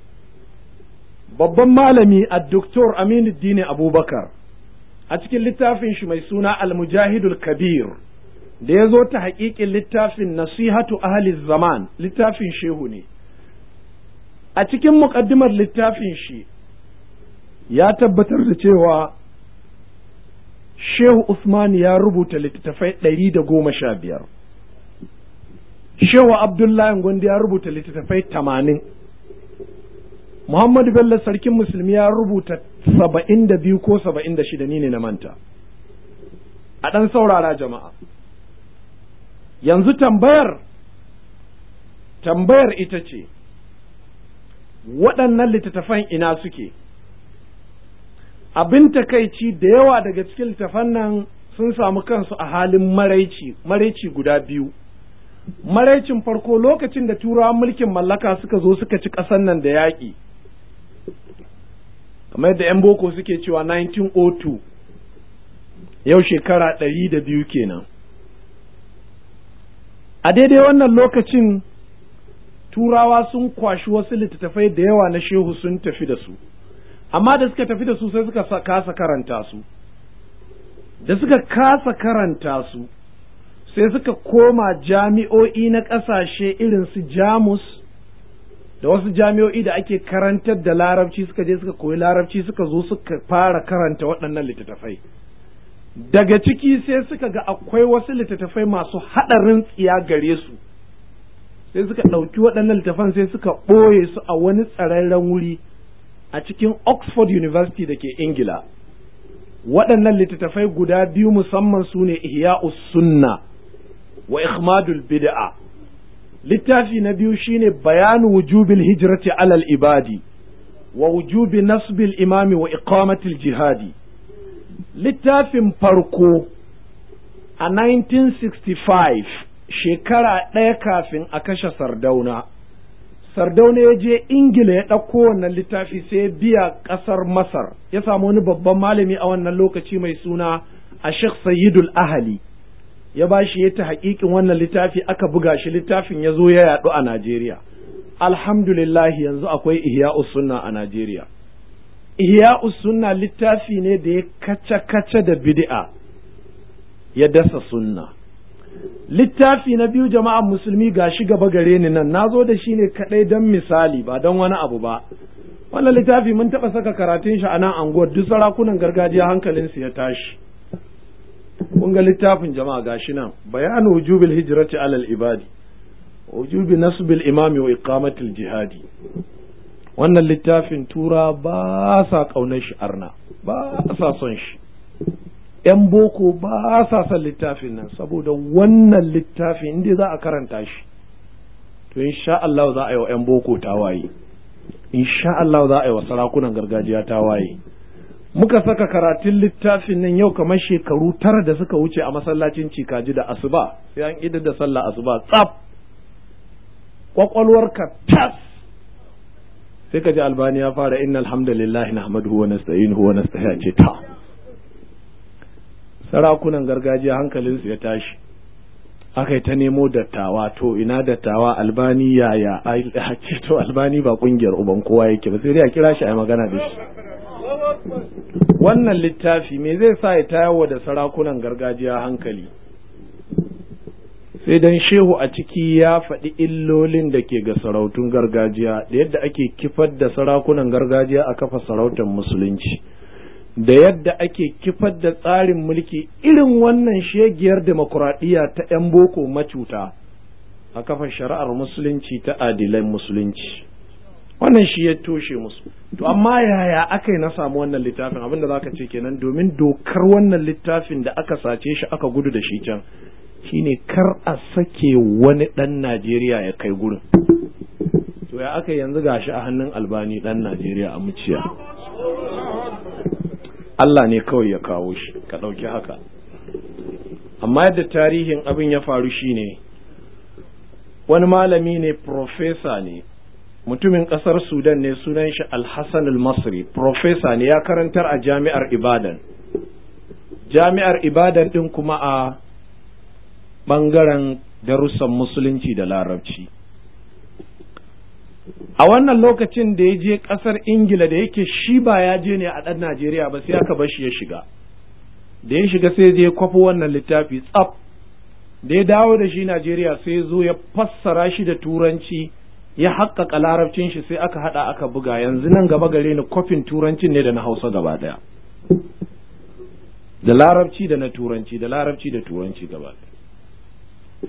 babban malami a Dr. Aminuddin Abubakar a cikin littafin shi mai suna Al-Mujahidul Kabir da ya zo ta haƙiƙin littafin Nasihatu Ahli Zaman littafin Shehu ne a cikin muƙaddimar littafin shi ya tabbatar da cewa Shehu Usman ya rubuta littattafai ɗari da goma sha biyar. Shehu Abdullahi gwandi ya rubuta littattafai tamanin. Muhammadu Bello Sarkin Musulmi ya rubuta saba'in da biyu ko saba'in da shida ni ne na manta. A ɗan saurara jama'a. Yanzu tambayar, tambayar ita ce, waɗannan littattafan ina suke. abin takaici da yawa daga cikin littafan nan sun samu kansu a halin maraici maraici guda biyu maraicin farko lokacin da turawan mulkin mallaka suka zo suka ci ƙasar nan da yaƙi kamar yadda 'yan boko suke cewa 1902 yau shekara ɗari da biyu kenan a daidai wannan lokacin turawa sun kwashi wasu littattafai da yawa na shehu sun tafi da su amma da suka tafi da su sai suka kasa karanta su da suka kasa karanta su sai suka koma jami'o'i na ƙasashe irin su jamus da wasu jami'o'i da ake karantar da larabci suka je suka koyi larabci suka zo suka fara karanta waɗannan littattafai daga ciki sai suka ga akwai wasu littattafai masu haɗarin tsiya gare su sai suka ɗauki waɗannan littattafan sai suka ɓoye su a wani tsararren wuri a cikin Oxford University da ke Ingila. Waɗannan littattafai guda biyu musamman su ne Sunna wa Ikhmadul Bid'a. Littafi na biyu shine bayanu wujubil hijrati alal ibadi wa wujubi nasbil imami wa iqamatil jihadi. Littafin farko a 1965 shekara ɗaya kafin a kashe sardauna sardauna ya je ingila ya ɗauko wannan littafi sai biya ƙasar masar ya samu wani babban malami a wannan lokaci mai suna a sheikh sayyidul ahali ya ba shi ta haƙiƙin wannan littafi aka buga shi littafin ya zo ya yaɗu a najeriya alhamdulillah yanzu akwai ihya'us sunna a najeriya ihya usunna littafi ne da ya kaca kace da bid'a ya dasa sunna littafi na biyu jama'an musulmi ga shi gaba gare ni nan na zo da shi ne kadai don misali ba don wani abu ba wannan littafi mun taɓa saka karatun shi a nan anguwar duk sarakunan gargajiya hankalin su ya tashi kun ga littafin jama'a ga shi nan bayanu wujubil hijrati alal ibadi wujubi nasbil imami wa iqamatil jihadi wannan littafin tura ba sa kaunar shi arna ba sa son shi 'yan boko ba sa son littafin nan saboda wannan littafin inda za a karanta shi to insha Allah za a yi wa 'yan boko tawaye insha Allah za a yi wa sarakunan gargajiya ta waye. muka saka karatun littafin nan yau kamar shekaru tara da suka wuce a masallacin cikaji da asuba sai an idar da sallah asuba tsaf ka tas sai ka ji albani ya fara inna alhamdulillah nahmaduhu wa nasta'inuhu wa nasta'in ce ta sarakunan gargajiya hankalinsu ya tashi aka yi ta nemo dattawa to ina dattawa albani yaya a to albani ba kungiyar uban kowa yake ba sai dai a kira shi a magana da shi wannan littafi me zai sa ya tayawa da sarakunan gargajiya hankali sai dan shehu a ciki ya faɗi illolin da ke ga sarautun gargajiya da yadda ake kifar da sarakunan gargajiya a kafa sarautar musulunci da yadda ake kifar da tsarin mulki irin wannan shegiyar demokuraɗiyya ta 'yan boko macuta a kafa shari'ar musulunci ta adilan musulunci wannan shi ya toshe musu to amma yaya aka yi na samu wannan littafin abinda za ka ce kenan domin dokar wannan littafin da aka sace shi aka gudu da shi can shine kar a sake wani ɗan najeriya ya kai gurin to ya aka yanzu gashi a hannun albani ɗan najeriya a muciya Allah ne kawai ya kawo shi ka ɗauki haka amma yadda tarihin abin ya faru shi ne wani malami ne profesa ne mutumin ƙasar sudan ne sunan shi alhassan almasri masri profesa ne ya karantar a jami'ar ibadan jami'ar ibadan ɗin kuma a ɓangaren darussan musulunci da larabci a wannan lokacin da ya je ƙasar ingila da yake shi ba ya je ne a ɗan najeriya ba sai aka shi ya shiga da ya shiga sai je kwafi wannan littafi tsaf da ya dawo da shi najeriya sai zo ya fassara shi da turanci ya haƙƙaƙa larabcin shi sai aka haɗa aka buga yanzu nan gaba gare ni kwafin turancin ne da na hausa gaba ɗaya da larabci da na turanci da larabci da turanci gaba ɗaya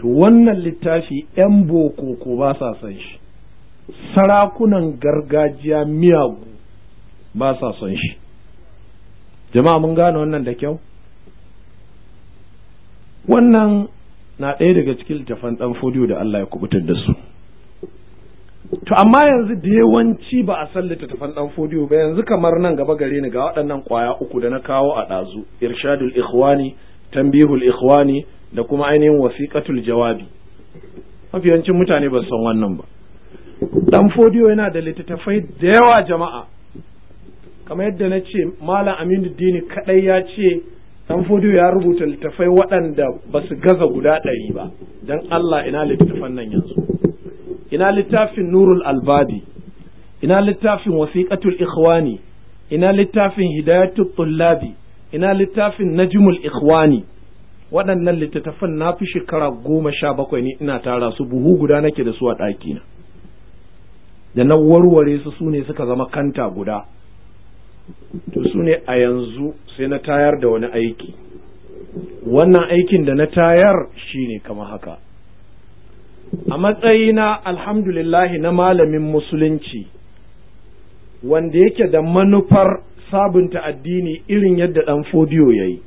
to wannan littafi 'yan boko ko ba sa son shi sarakunan gargajiya miyagu ba sa son shi jama'a mun gane wannan da kyau wannan na ɗaya daga cikin littafan ɗan fodiyo da Allah ya kubutar da su to amma yanzu da yawanci ba a san littattafan ɗan fodiyo ba yanzu kamar nan gaba gare ni ga waɗannan ƙwaya uku da na kawo a ɗazu irshadul ikhwani tambihul ikhwani da kuma ainihin wasiqatul jawabi mafi mutane ba san wannan ba dan fodiyo yana da littattafai da yawa jama'a kamar yadda na ce malam aminu dini kadai ya ce dan fodiyo ya rubuta littattafai waɗanda ba su gaza guda ɗari ba don allah ina littattafan nan yanzu ina littafin nurul albadi ina littafin wasiqatul ikhwani ina littafin hidayatul tullabi ina littafin Najimul ikhwani waɗannan littattafan na fi shekara goma sha bakwai ne ina tara su buhu guda nake da su a ɗakina da na warware su sune suka zama kanta guda to su a yanzu sai na tayar da wani aiki wannan aikin da na tayar shine kama haka a matsayina alhamdulillahi na malamin musulunci wanda yake da manufar sabunta addini irin yadda dan fodiyo ya yi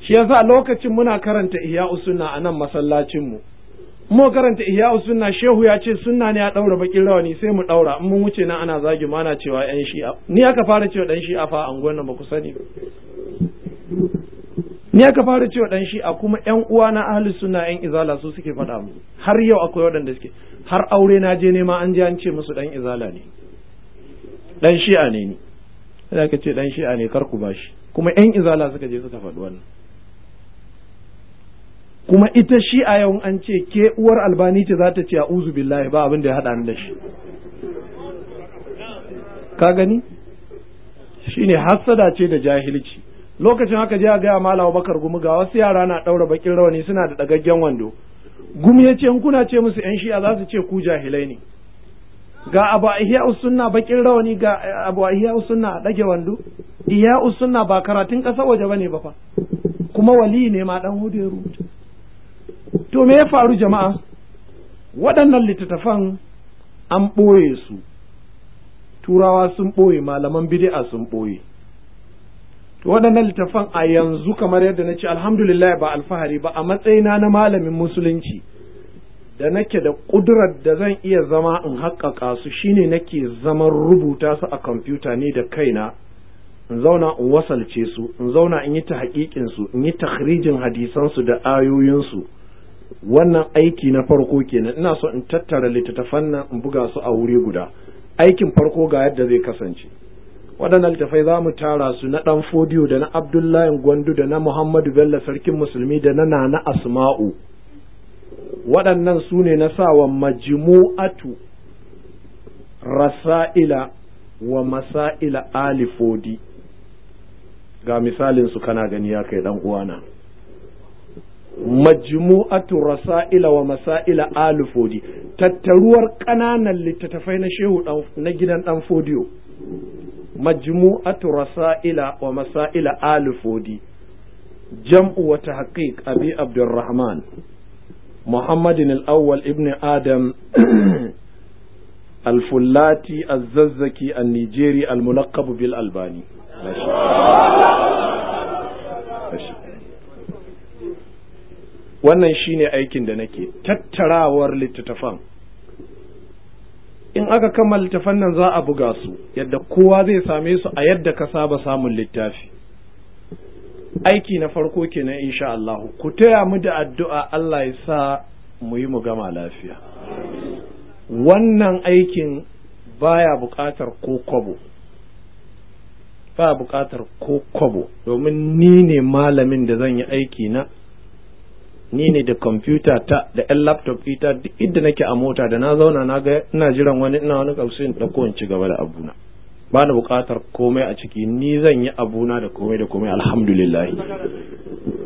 shi yasa lokacin muna karanta iya usuna a nan masallacinmu mu karanta ihya sunna shehu ya ce sunna ne a daura bakin rawani sai mu daura in mun wuce nan ana zagi mana cewa yan shi'a ni aka fara cewa dan shi'a fa an nan ba ku sani ni aka fara cewa dan shi'a kuma yan uwa na ahli sunna yan izala su suke faɗa mu har yau akwai waɗanda suke har aure na je nema an je an ce musu dan izala ne dan shi'a ne ni sai aka ce dan shi'a ne kar ku bashi kuma yan izala suka je suka faɗi wannan kuma ita shi a yau an ce ke uwar albani ce za ta ce uzu billahi ba abin da ya haɗa ni da shi ka gani shine hassada ce da jahilci lokacin haka je a gaya malawa bakar gumi ga wasu yara na ɗaura bakin rawani suna da ɗagaggen wando gumi ya ce kuna ce musu yan shi'a za su ce ku jahilai ne ga abu iya usunna bakin rawani ga eh, abu iya usunna a ɗage wando ihya usunna ba karatun ƙasa waje bane ba fa kuma wali ne ma dan hudu ya rubuta to me ya faru jama'a waɗannan littattafan an ɓoye su turawa sun ɓoye malaman bid'a sun ɓoye to waɗannan littattafan a yanzu kamar yadda na ce alhamdulillah ba alfahari ba a matsayina na malamin musulunci da nake da ƙudurar da zan iya zama in haƙƙaƙa su shine nake zaman rubuta su a kwamfuta ne da kaina in zauna in wasalce su in zauna in yi ta haƙiƙin in yi tahrijin hadisansu da ayoyinsu. wannan aiki na farko kenan ina so in tattara littattafan nan in buga su a wuri guda aikin farko ga yadda zai kasance waɗannan littattafai za mu tara su na ɗan fodiyo da na abdullahi gwandu da na muhammadu bello sarkin musulmi da na nana asma'u waɗannan su ne na sawa majmu'atu rasa'ila wa masa'ila alifodi ga misalin su kana gani ya kai ɗan uwana majmu'atu rasa'ila wa masaila alu fodi tattaruwar ƙananan littattafai na shehu na gidan dan fodiyo majmu'atu rasa'ila wa masaila alu fodi jam'u wa tahqiq abi abdurrahman muhammadin al-awwal ibn adam الفلاتي الززكي النيجيري الملقب بالألباني wannan shine aikin da nake tattarawar littattafan in aka kammala littattafan nan za a buga su yadda kowa zai same su a yadda ka saba samun littafi aiki na farko ke kenan insha Allah ku taya mu da addu'a Allah ya sa mu yi mu gama lafiya wannan aikin baya buƙatar ko kwabo ba buƙatar ko kwabo domin ni ne malamin da zan yi aiki na ni ne da kwamfuta ta da yan laptop ita duk inda nake a mota da na zauna na ga ina jiran wani ina wani kausu in dauko in ci gaba da abuna ba na bukatar komai a ciki ni zan yi abuna da komai da komai alhamdulillah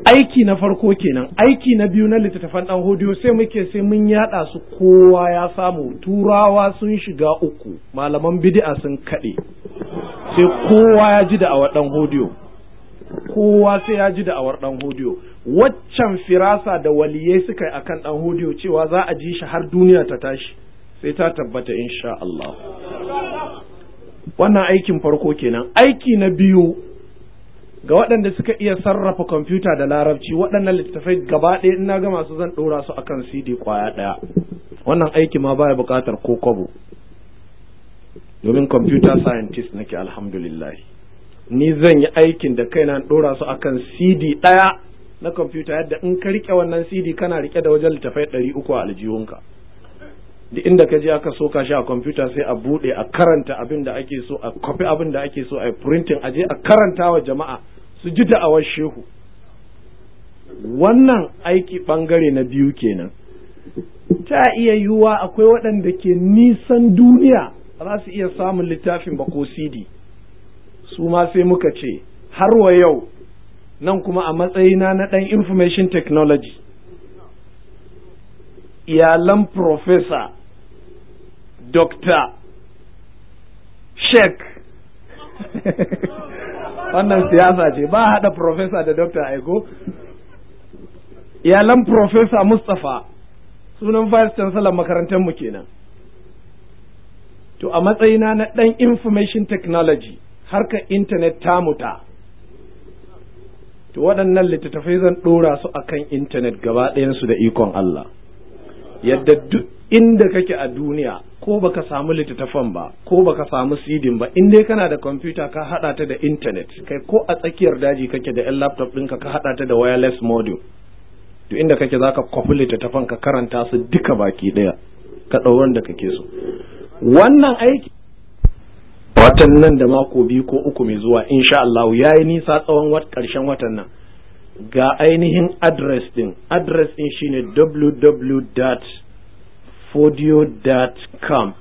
aiki na farko kenan aiki na biyu na littattafan dan hodiyo sai muke sai mun yada su kowa ya samu turawa sun shiga uku malaman bid'a sun kade sai kowa ya ji da awar dan hodiyo kowa sai ya ji da awar dan hodiyo waccan firasa da waliyai suka yi akan dan hodiyo cewa za a ji shi har duniya ta tashi sai ta tabbata insha Allah wannan aikin farko kenan aiki na biyu ga waɗanda suka iya sarrafa kwamfuta da larabci waɗannan littattafai gaba ɗaya ina ga masu zan ɗora su akan CD kwaya ɗaya wannan aiki ma baya buƙatar ko kwabo domin computer scientist nake alhamdulillah ni zan yi aikin da kaina ɗora su akan CD ɗaya na kwamfuta yadda in ka rike wannan cd kana rike da wajen littafai ɗari uku a aljihunka duk inda ka je aka soka shi a kwamfuta sai a buɗe a karanta abin da ake so a kwafi abin da ake so a yi printing a je a karanta wa jama'a su ji da'awar shehu wannan aiki ɓangare na biyu kenan ta iya yiwuwa akwai waɗanda ke nisan duniya za su iya samun littafin ba ko cd su ma sai muka ce har wa yau nan kuma a matsayina na ɗan information technology iyalan profesa dokta sheik wannan siyasa ce ba haɗa profesa da dokta aiko iyalan profesa mustapha sunan vice chancellor makarantar mu kenan to a matsayina na ɗan information technology harkar intanet ta muta to waɗannan littattafai zan ɗora su a kan intanet gaba ɗayansu da ikon Allah yadda duk inda kake a duniya ko baka samu littattafan ba ko baka samu sidin ba in dai kana da kwamfuta ka haɗa ta da intanet kai ko a tsakiyar daji kake da 'yan laptop ɗinka ka haɗa ta da wireless module to inda kake ka kwafi littattafan ka karanta su duka baki ɗaya ka ɗauran da kake so wannan aiki watan nan da mako biyu ko uku mai zuwa insha Allah ya yi nisa tsawon ƙarshen karshen watan nan ga ainihin address din adres din shine www.fodio.com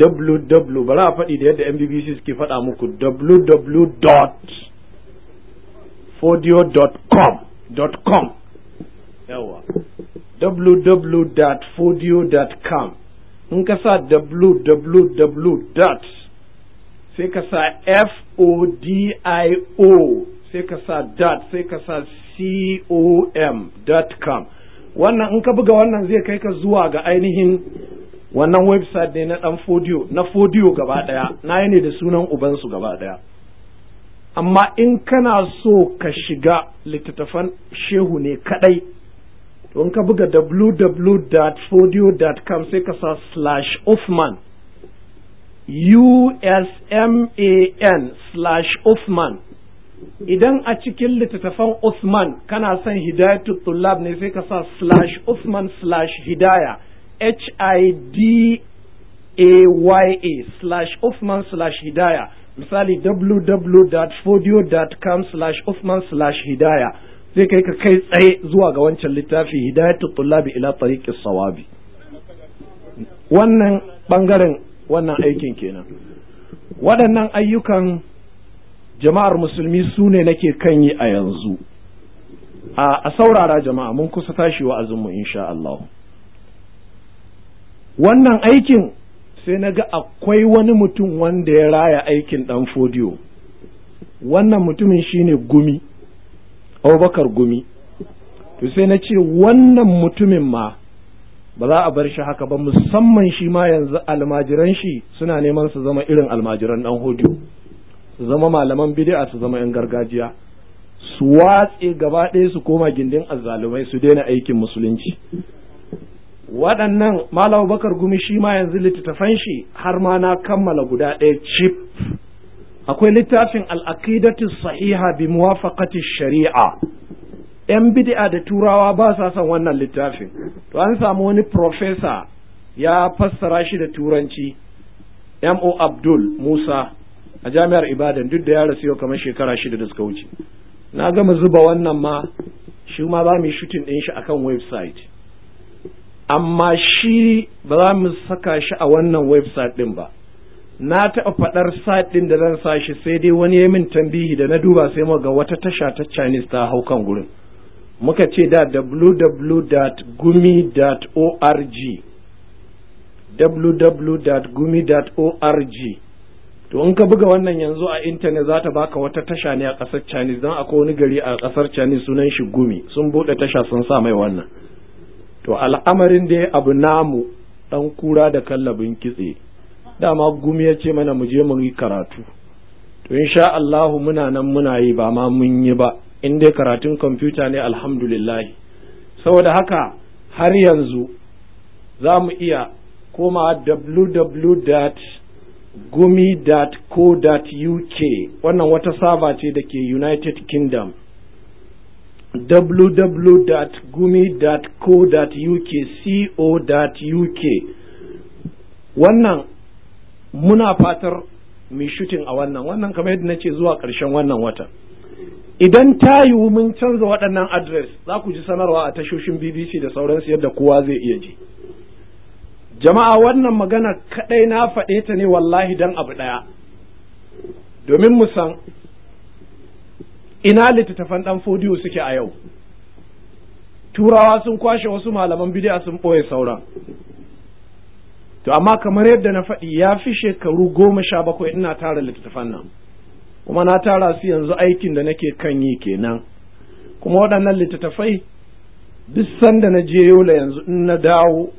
www bara a faɗi da yadda mbbc suke faɗa muku www.fodio.com yawa www.fodio.com in ka sa www dot sai ka sa fodio sai ka sa dot sai ka sa com dot com wannan in ka buga wannan zai kai ka zuwa ga ainihin wannan website ne na dan fodio na fodio gaba daya na yi ne da sunan ubansu gaba daya amma in kana so ka shiga littattafan shehu ne kadai to in ka buga www.fodio.com sai ka sa slash Uthman USMAN slash Uthman idan a cikin littattafan Uthman kana son hidayatul tullab ne sai ka sa slash Uthman slash hidaya H-I-D-A-Y-A slash Uthman slash hidaya misali www.fodio.com slash Uthman slash hidaya zai kai ka kai tsaye zuwa ga wancan littafi hidayatu tullabi ila tariqis sawabi wannan bangaren wannan aikin kenan waɗannan ayyukan jama'ar musulmi su ne nake kan yi a yanzu a saurara jama'a mun kusa tashi wa'azinmu insha Allah wannan aikin sai na ga akwai wani mutum wanda ya raya aikin ɗan fodiyo wannan mutumin shine gumi Abubakar Gumi to sai na ce wannan mutumin ma ba za a bar shi haka ba musamman shi ma yanzu almajiran shi suna neman su zama irin almajiran dan hodiyo su zama malaman bid'a su zama 'yan gargajiya su watse gaba ɗaya su koma gindin azzalumai su daina aikin musulunci waɗannan malam bakar gumi shi ma yanzu littattafan shi har ma na kammala guda ɗaya chip akwai littafin al'aƙidatu sahiha bi muwafaqati shari'a yan bid'a da turawa ba sa son wannan littafin to an samu wani profesa ya fassara shi da turanci mo abdul musa a jami'ar ibadan duk da ya rasu yau kamar shekara shida da suka wuce na gama zuba wannan ma shi ma za mu yi shooting ɗin shi akan website amma shi ba za mu saka shi a wannan website ɗin ba na taɓa faɗar saɗin da zan sa shi sai dai wani ya min tambihi da na duba sai ga wata tasha ta chinese ta hau kan gurin muka ce da www.gumi.org www.gumi.org to in ka buga wannan yanzu a intanet za ta baka wata tasha ne a ƙasar chinese don akwai wani gari a ƙasar chinese sunan shi gumi sun buɗe tasha sun sa mai wannan to al'amarin da ya abu namu ɗan kura da kallabin kitse dama gumi ya ce mana mu je mu yi karatu to insha Allahu muna nan muna yi ba ma mun yi ba in dai karatun kwamfuta ne alhamdulillah saboda haka har yanzu za mu iya koma www.gumi.co.uk wannan wata saba ce da ke united kingdom www.gumi.co.uk co.uk wannan muna fatar mai shutin a wannan wannan kamar yadda na ce zuwa ƙarshen wannan watan idan ta yiwu mun canza waɗannan adres za ku ji sanarwa a tashoshin bbc da sauransu yadda kowa zai iya ji jama'a wannan magana kaɗai na faɗe ta ne wallahi don abu ɗaya domin mu san ina littattafan ɗan fodiyo suke a yau turawa sun kwashe wasu malaman bidiya sun ɓoye sauran to amma kamar yadda na faɗi ya fi shekaru goma sha bakwai ina tara littattafan nan kuma na tara su yanzu aikin da nake kan yi kenan kuma waɗannan littattafai duk sanda na je yola yanzu in na dawo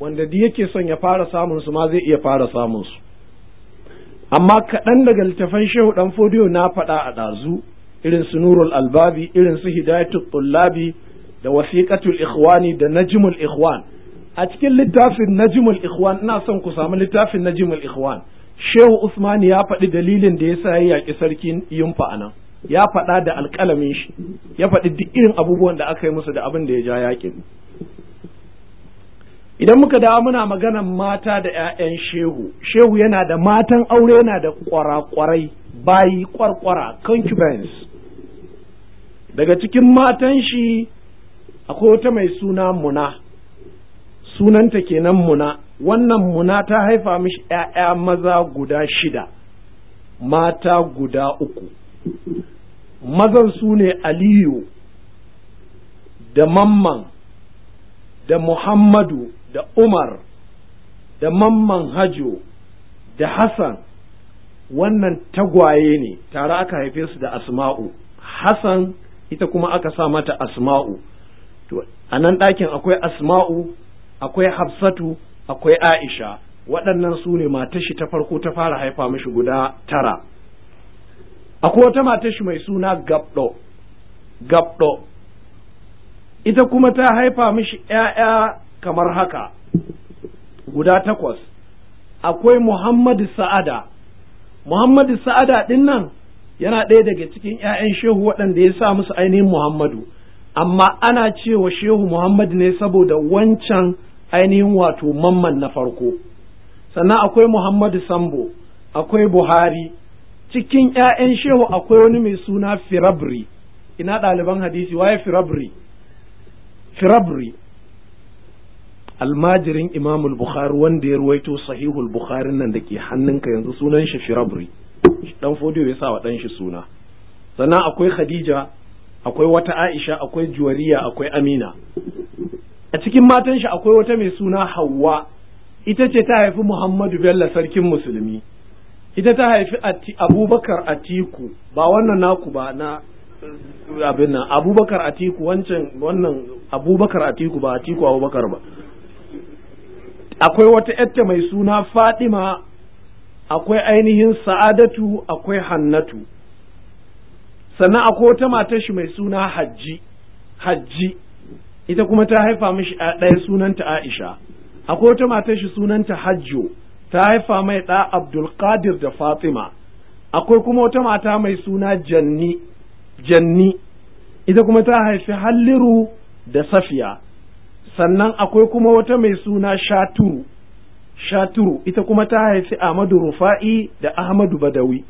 wanda duk yake son ya fara samun su ma zai iya fara samun su amma kaɗan daga littattafan shehu ɗan fodiyo na faɗa a ɗazu irin su nurul albabi irin su hidayatul tullabi da wasiqatul ikhwani da najmul ikhwan a cikin littafin jimul ikhwan ina son ku samu littafin jimul ikhwan shehu usman ya faɗi dalilin da ya yasa ya yaƙi sarki yunfa anan ya faɗa da alƙalamin shi ya faɗi duk irin abubuwan da aka yi musu da abin da ya ja yaƙi idan muka dawo muna maganan mata da 'ya'yan shehu shehu yana da matan aure yana da kwarakwarai bayi kwarkwara concubines daga cikin matan shi akwai wata mai suna muna sunanta kenan muna wannan muna ta haifa mishi ‘ya'ya maza guda shida mata guda uku mazan su ne aliyu da mamman da muhammadu da umar da mamman hajo da hassan wannan tagwaye ne tare aka haife su da asma'u hassan ita kuma aka sa mata asma'u to a nan ɗakin akwai asma'u akwai hafsatu akwai aisha waɗannan su ne matashi ta farko ta fara haifa mishi guda tara akwai wata matashi mai suna gabdo gabdo ita kuma ta haifa mishi ‘ya'ya kamar haka guda takwas akwai muhammadu sa'ada muhammadu sa'ada ɗin nan yana ɗaya daga cikin ‘ya'yan shehu waɗanda ya sa musu ainihin muhammadu amma ana cewa shehu muhammadu ne saboda wancan ainihin wato mamman na farko sannan akwai muhammadu sambo akwai buhari cikin 'ya'yan shehu akwai wani mai suna firabri ina ɗaliban hadisi waye firabri firabri almajirin imamul bukhari wanda ya ruwaito sahihul bukhari nan da ke hannunka yanzu sunan shi firabri dan fodiyo ya sa wa dan shi suna sannan akwai khadija akwai wata aisha akwai juwariya akwai amina a cikin matan shi akwai wata mai suna Hawwa ita ce ta haifi Muhammadu Bello sarkin musulmi ita ta haifi Abubakar Atiku ba wannan naku ba na abin nan Abubakar Atiku wancan wannan Abubakar Atiku ba Atiku Abubakar ba akwai wata yatta mai suna Fatima akwai ainihin Sa'adatu akwai Hannatu sannan akwai wata matar shi mai suna Hajji Hajji ita kuma ta haifa mishi a ɗaya sunanta Aisha akwai wata matar shi sunanta Hajjo ta haifa mai ɗa Abdul da Fatima akwai kuma wata mata mai suna Janni Janni ita kuma ta haifi Halliru da Safiya sannan akwai kuma wata mai suna Shaturu Shaturu ita kuma ta haifi Ahmadu Rufa'i da Ahmadu Badawi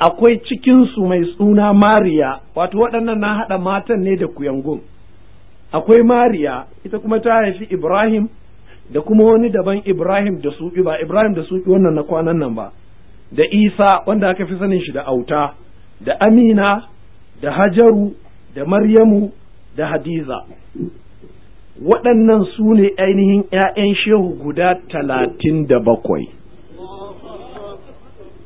akwai cikinsu mai suna Mariya wato waɗannan na haɗa matan ne da kuyangun akwai mariya ita kuma ta haifi ibrahim da kuma wani daban ibrahim da suƙi ba ibrahim da suƙi wannan na kwanan nan ba da isa wanda aka fi sanin shi da auta da amina da hajaru da maryamu da hadiza waɗannan su ne ainihin ‘ya'yan shehu guda talatin da bakwai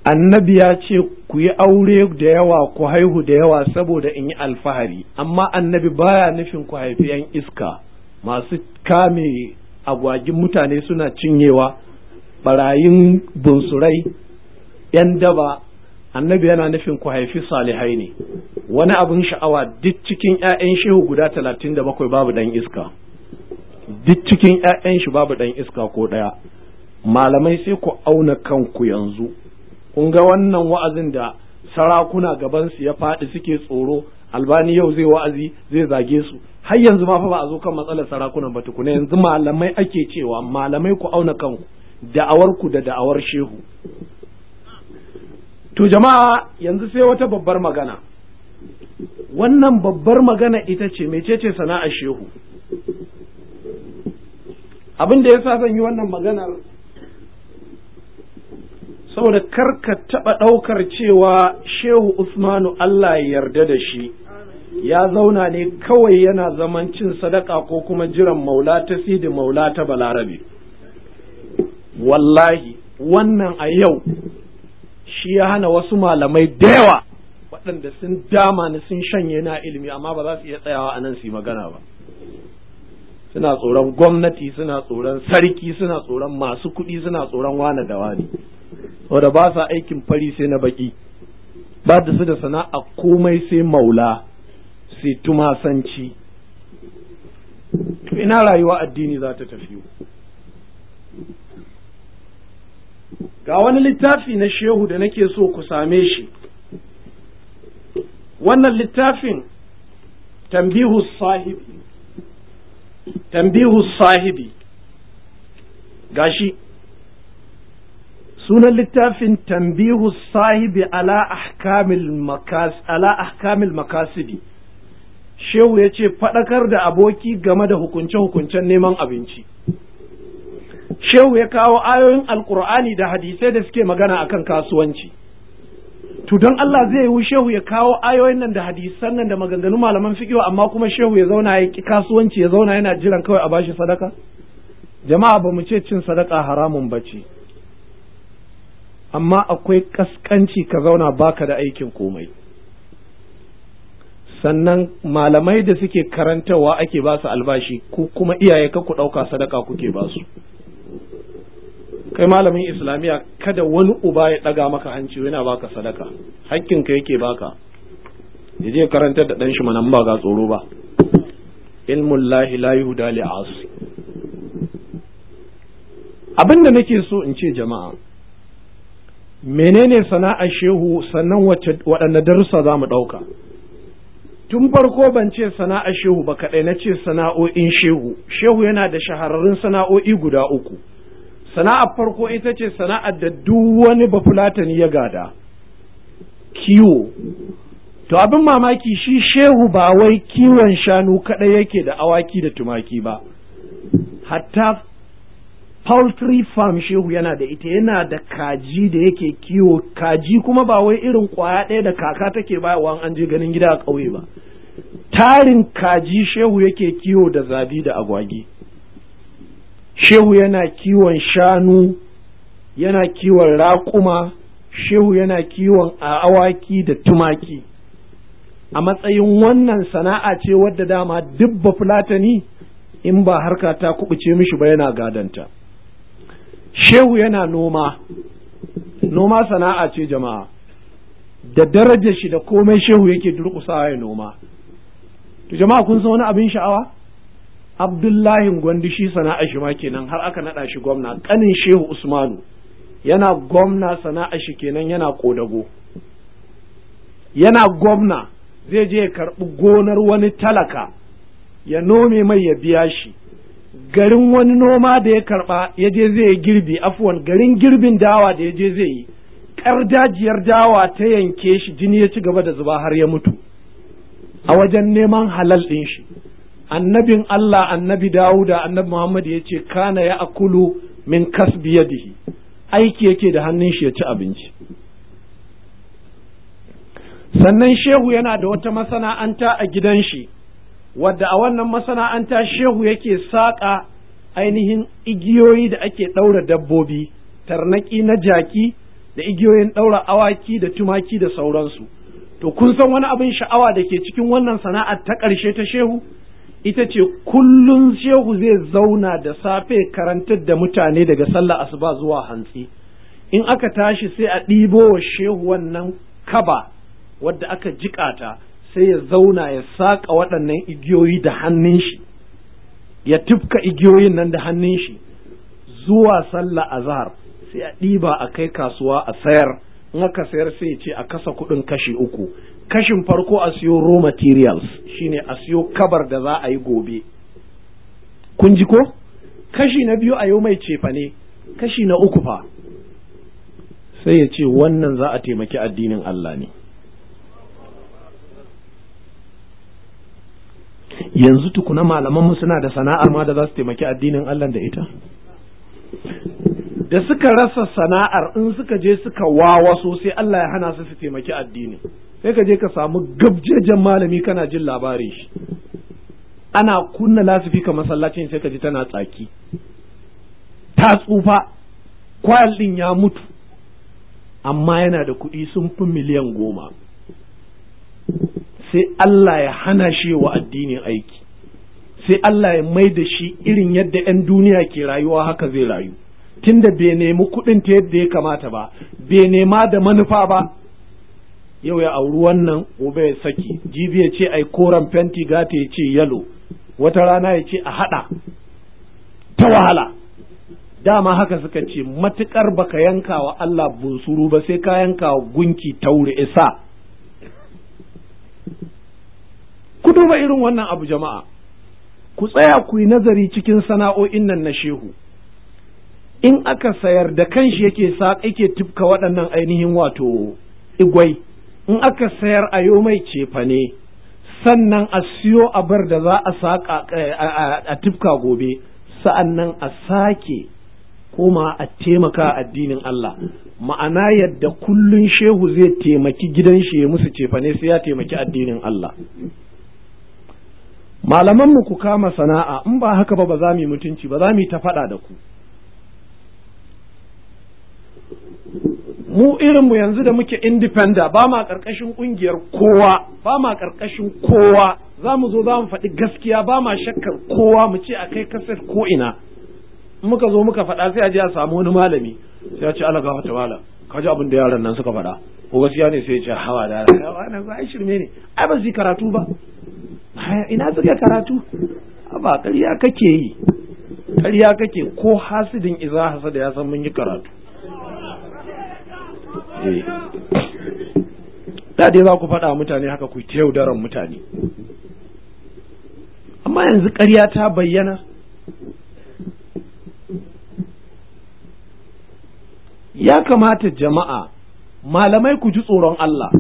annabi ya ce ku yi aure da yawa ku haihu da yawa saboda in yi alfahari amma annabi baya nufin ku haifi yan iska masu kame agwagin mutane suna cinyewa barayin bunsurai yan daba annabi yana nufin ku haifi salihai ne wani abin sha'awa duk cikin 'ya'yan shehu guda talatin da bakwai babu dan iska duk cikin 'ya'yan shi babu dan iska ko ɗaya malamai sai ku auna kanku yanzu kun ga wannan wa'azin da sarakuna gabansu ya faɗi suke tsoro albani yau zai wa'azi zai zage su har yanzu ma fa ba a zo kan matsalar sarakunan ba tukuna yanzu malamai ake cewa malamai ku auna kanku da'awarku da da'awar shehu to jama'a yanzu sai wata babbar magana wannan babbar magana ita ce mecece sana'ar shehu abin da yasa zan yi wannan maganar saboda karka taɓa ɗaukar cewa shehu usmanu allah ya yarda da shi ya zauna ne kawai yana zaman cin sadaka ko kuma jiran maula ta sidi maula ta balarabe wallahi wannan a yau shi ya hana wasu malamai da yawa waɗanda sun dama ni sun shanye na ilimi amma ba za su iya tsayawa a nan su yi magana ba suna tsoron gwamnati suna tsoron sarki suna tsoron masu kuɗi suna tsoron wane da wani wanda ba sa aikin fari sai na baki ba da su da sana'a komai sai maula sai tumasanci ina rayuwa addini za ta tafi ga wani littafi na shehu da nake so ku same shi wannan littafin tambihu sahibi tambihu sahibi gashi sunan littafin tambihu sahibi ala ahkamil Makasidi, shehu ya ce faɗakar da aboki game da hukunce-hukuncen neman abinci shehu ya kawo ayoyin alkur'ani da hadisai da suke magana akan kasuwanci to don Allah zai yi shehu ya kawo ayoyin nan da hadisan nan da maganganu malaman fiƙiwa amma kuma shehu ya zauna ya ki kasuwanci ya zauna yana jiran kawai a bashi sadaka jama'a ba mu ce cin sadaka haramun bace amma akwai kaskanci ka zauna baka da aikin komai sannan malamai da suke karantarwa ake ba su albashi ko kuma iyaye ka ku ɗauka sadaka kuke ba su kai malamin islamiyya kada wani uba ya ɗaga maka hanci yana baka sadaka hakkinka yake baka ya je karantar da ɗan shi manan ba ga tsoro ba ilmun lahi la Abin da abinda nake so in ce jama'a menene sana'ar shehu sannan waɗanne darussa za mu ɗauka tun farko ban ce sana'ar shehu ba kaɗai na ce sana'o'in shehu shehu yana da shahararrun sana'o'i guda uku sana'ar farko ita ce sana'ar da duk wani bafulatani ya gada kiwo to abin mamaki shi shehu ba wai kiwon shanu kaɗai yake da awaki da tumaki ba hatta poultry farm shehu yana da ita yana da kaji da yake kiwo kaji kuma ba wai irin kwaya ɗaya da kaka take wa an je ganin gida a ƙauye ba tarin kaji shehu yake kiwo da zabi da agwagi shehu yana kiwon shanu yana kiwon raƙuma shehu yana kiwon awaki da tumaki a matsayin wannan sana'a ce wadda dama dubba fulatani in ba harka ta kubuce mishi ba yana gadanta. shehu yana noma noma sana'a ce jama'a da daraja shi da komai shehu yake durƙusawa ya noma to jama'a kun san wani abin sha'awa abdullahi gwandi shi sana'a shi ma kenan har aka naɗa shi gwamna ƙanin shehu usmanu yana gwamna sana'a shi kenan yana ƙodago yana gwamna zai je ya karɓi gonar wani talaka ya nome mai ya biya shi garin wani noma da ya karɓa ya je zai yi girbi afuwan garin girbin dawa da ya je zai yi dajiyar dawa ta yanke shi jini ya ci gaba da zuba har ya mutu a wajen neman halal ɗin shi annabin Allah annabi Dawuda annabi Muhammad ya ce kana ya akulu min kasbi yadihi aiki yake da hannun shi ya ci abinci sannan shehu yana da wata masana'anta a gidan shi wadda a wannan masana'anta shehu yake saƙa ainihin igiyoyi da ake ɗaura dabbobi tarnaki na jaki da igiyoyin ɗaura awaki da tumaki da sauransu to kun san wani abin sha'awa da ke cikin wannan sana'ar ta ƙarshe ta shehu ita ce kullum shehu zai zauna da safe karantar da mutane daga sallah asuba zuwa hantsi in aka tashi sai a ɗibo wa shehu wannan kaba wadda aka jiƙata sai ya zauna ya saƙa waɗannan igiyoyi da hannun shi ya tufka igiyoyin nan da hannun shi zuwa sallah a zahar sai a ɗiba a kai kasuwa a sayar in aka sayar sai ya ce a kasa kuɗin kashi uku kashin farko a siyo raw materials shine a siyo kabar da za a yi gobe kun ji ko kashi na biyu a yau mai cefane kashi na uku fa sai ya ce wannan za a taimaki addinin Allah ne yanzu tukuna malaman mu suna da sana'ar ma da za su taimaki addinin Allah da ita da suka rasa sana'ar in suka je suka wawa sosai Allah ya hana su su taimaki addini sai ka je ka samu gabjejen malami kana jin labarin shi ana kunna lasifi ka masallacin sai ka ji tana tsaki ta tsufa kwayal din ya mutu amma yana da kuɗi sun fi miliyan goma sai Allah ya hana shi wa addinin aiki sai Allah ya mai da shi irin yadda 'yan duniya ke rayuwa haka zai rayu tunda bai nemi kuɗin ta yadda ya kamata ba bai nema da manufa ba yau ya auri wannan gobe ya saki jibi ya ce ai koren fenti gata ya ce yalo wata rana ya ce a haɗa ta wahala dama haka suka ce matukar baka yanka wa Allah bunsuru ba sai ka yanka gunki taure isa ku duba irin wannan abu jama'a ku tsaya ku yi nazari cikin sana'o'in nan na shehu in aka sayar da kanshi yake sa yake tufka waɗannan ainihin wato igwai in aka sayar a yo mai cefa ne sannan a siyo abar da za a saƙa eh, a tufka gobe sa'annan a sake koma a taimaka addinin Allah ma'ana yadda kullun shehu zai taimaki gidan shi ya musu cefane sai ya taimaki addinin Allah malamanmu ku kama sana'a in ba haka ba ba za mu yi mutunci ba za mu yi ta faɗa da ku mu irinmu yanzu da muke independent ba ma ƙarƙashin ƙungiyar kowa ba ma ƙarƙashin kowa za mu zo za mu faɗi gaskiya ba ma shakkar kowa mu ce a kai kaset ko ina muka zo muka faɗa sai a je a samu wani malami sai a ce Allah gafarta mala ka ji abin da yaran nan suka faɗa ko gaskiya ne sai ya ce hawa da ai shirme ne ai ba su karatu ba ina zuga karatu ba ƙarya kake yi ƙarya kake ko hasidin iza hasada ya san mun yi karatu eh. da dai za ku faɗa mutane haka ku ta yaudaran mutane amma yanzu ƙarya ta bayyana ya kamata jama'a malamai ku ji tsoron Allah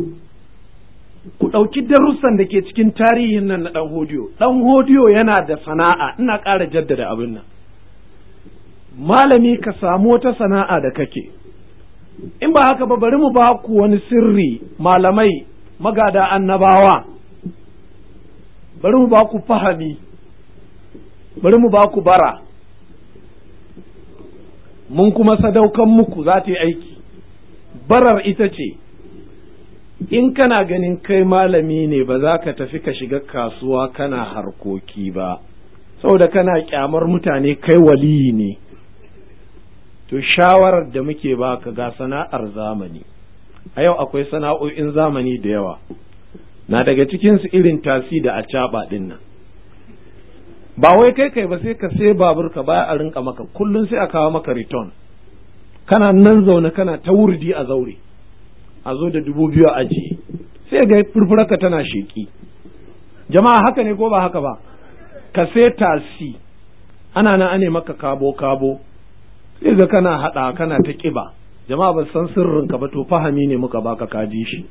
ku ɗauki darussan da ke cikin tarihin nan na ɗan hodiyo ɗan hodiyo yana da sana'a ina ƙara jaddada abin nan malami ka samu wata sana'a da kake in ba haka ba bari mu ba ku wani sirri malamai magada annabawa bari mu ba ku fahami bari mu ba ku bara mun kuma sadaukan muku za ta yi aiki barar ita ce in kana ganin kai malami ne ba za ka tafi ka shiga kasuwa kana harkoki ba saboda kana kyamar mutane kai waliyi ne to shawarar da muke baka ga sana'ar zamani a yau akwai sana'o'in zamani da yawa na daga cikinsu irin tasi da acaɓa ɗin nan ba wai kai kai ba sai ka sai babur ka baya a rinka maka kullum sai a kawo maka return kana nan zaune kana ta wurdi a zaure a zo da dubu biyu a ajiye sai ga furfurarka tana sheƙi jama'a haka ne ko ba haka ba ka sai tasi ana nan ane maka kabo kabo sai ga kana haɗa kana ta ƙiba jama'a ba san sirrin ka ba to fahami ne muka baka kaji shi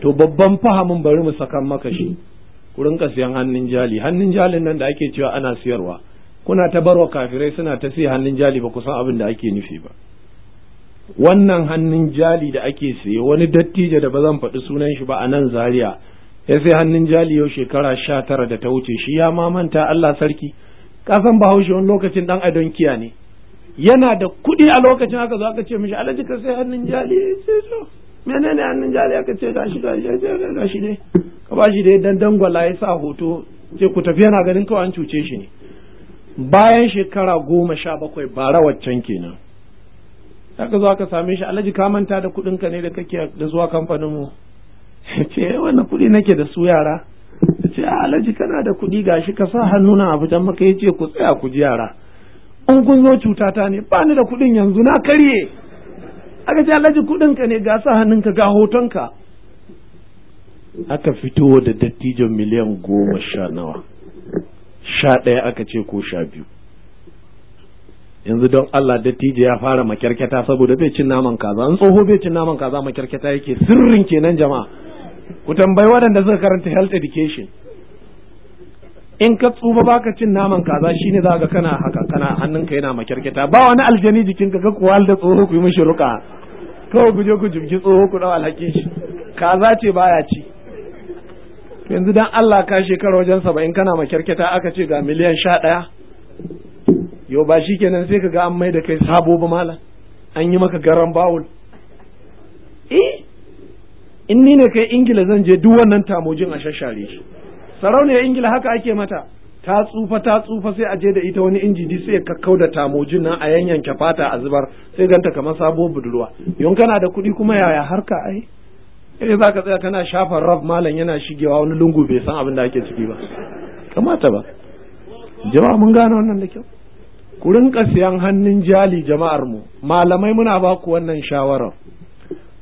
to babban fahamin bari mu saka maka shi ku rinka siyan hannun jali hannun jalin nan da ake cewa ana siyarwa kuna ta barwa kafirai suna ta siya hannun jali ba kusan abin da ake nufi ba wannan hannun jali da ake saye wani dattijo da ba zan faɗi sunan shi ba a nan zaria ya sai hannun jali yau shekara sha tara da ta wuce shi ya ma manta Allah sarki kasan bahaushe wani lokacin dan adon kiya ne yana da kuɗi a lokacin aka zo aka ce mishi alhaji ka sai hannun jali ya so menene hannun jali aka ce gashi gashi gashi ne ka ba shi da yadda dangwala ya sa hoto ce ku tafi yana ganin kawai an cuce shi ne bayan shekara goma sha bakwai bara waccan kenan zaka zo ka same shi alhaji ka manta da kuɗin ka ne da kake da zuwa kamfanin mu ce eh, wannan kuɗi nake da su yara ce ah, alhaji kana da kuɗi gashi ka sa hannu na abu dan maka yace ku tsaya ku ji yara in kun zo cutata ne ba ni da kuɗin yanzu na karye aka ce alhaji kuɗin ka ne ga sa hannunka ga ka aka fito da dattijon miliyan goma sha nawa sha ɗaya aka ce ko sha biyu yanzu don Allah dattijo ya fara makyarketa saboda bai cin naman kaza an tsoho bai cin naman kaza makyarketa yake sirrin kenan jama'a ku tambayi waɗanda suka karanta health education in ka tsufa baka cin naman kaza shine za ka kana haka kana hannunka yana makyarketa ba wani aljani jikinka ka kuwa da tsoho ku yi mishi ruka kawai ku je ku jibgi tsoho ku dau alhakin shi kaza ce baya ci yanzu dan Allah ka shekara wajen saba'in kana makyarketa aka ce ga miliyan sha ɗaya yau ba shi kenan sai ka ga an mai da kai sabo ba mala an yi maka garan bawul eh in ni ne kai ingila zan je duk wannan tamojin a shashare shi sarauniyar ingila haka ake mata ta tsufa ta tsufa sai a je da ita wani inji sai ya kakkau da tamojin nan a yanyanke fata a zubar sai ganta kamar sabo budurwa yun kana da kuɗi kuma yaya harka ai eh za ka tsaya kana shafa raf malam yana shigewa wani lungu bai san abin da ake ciki ba kamata ba jama'a mun gane wannan da kyau ku rinka siyan hannun jali jama'ar mu malamai muna ba ku wannan shawarar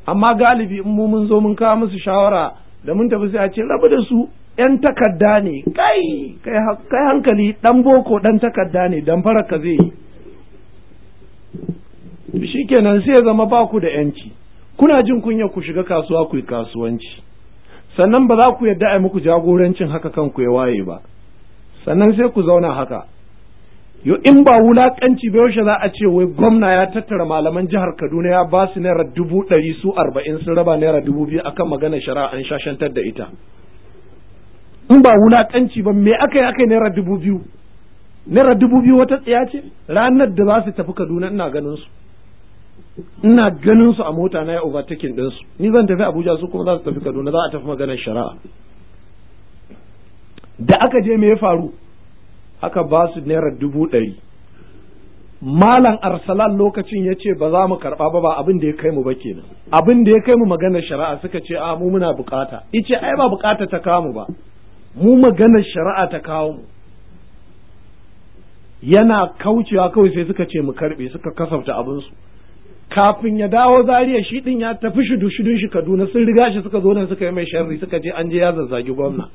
amma galibi in mu mun zo mun kawo musu shawara da mun tafi sai a ce rabu da su yan takarda ne kai kai hankali dan boko dan takarda ne dan fara ka zai yi kenan sai ya zama ba ku da yanci kuna jin kunya ku shiga kasuwa ku yi kasuwanci sannan ba za ku yarda a muku jagorancin haka kanku ya waye ba sannan sai ku zauna haka yo in ba wulakanci ba yaushe za a ce wai gwamna ya tattara malaman jihar Kaduna ya ba su naira dubu ɗari su arba'in sun raba naira dubu biyu akan maganar shari'a an shashantar da ita in ba wulakanci ba me aka yi aka yi naira dubu biyu naira dubu biyu wata tsiya ce ranar da za su tafi Kaduna ina ganin su ina ganin su a mota na ya overtaking din su ni zan tafi Abuja su kuma za su tafi Kaduna za a tafi maganar shari'a da aka je me ya faru aka ba su naira dubu ɗari malam arsalan lokacin ya ce ba za mu karɓa ba ba abin da ya kai mu ba kenan abin da ya kai mu maganar shari'a suka ce a mu muna bukata ice ai ba bukata ta kawo mu ba mu maganar shari'a ta kawo mu yana kaucewa kawai sai suka ce mu karɓe suka kasafta abinsu kafin ya dawo zariya shi din ya tafi shudu shudun shi kaduna sun riga shi suka zo nan suka yi mai sharri suka je an je ya zazzagi gwamna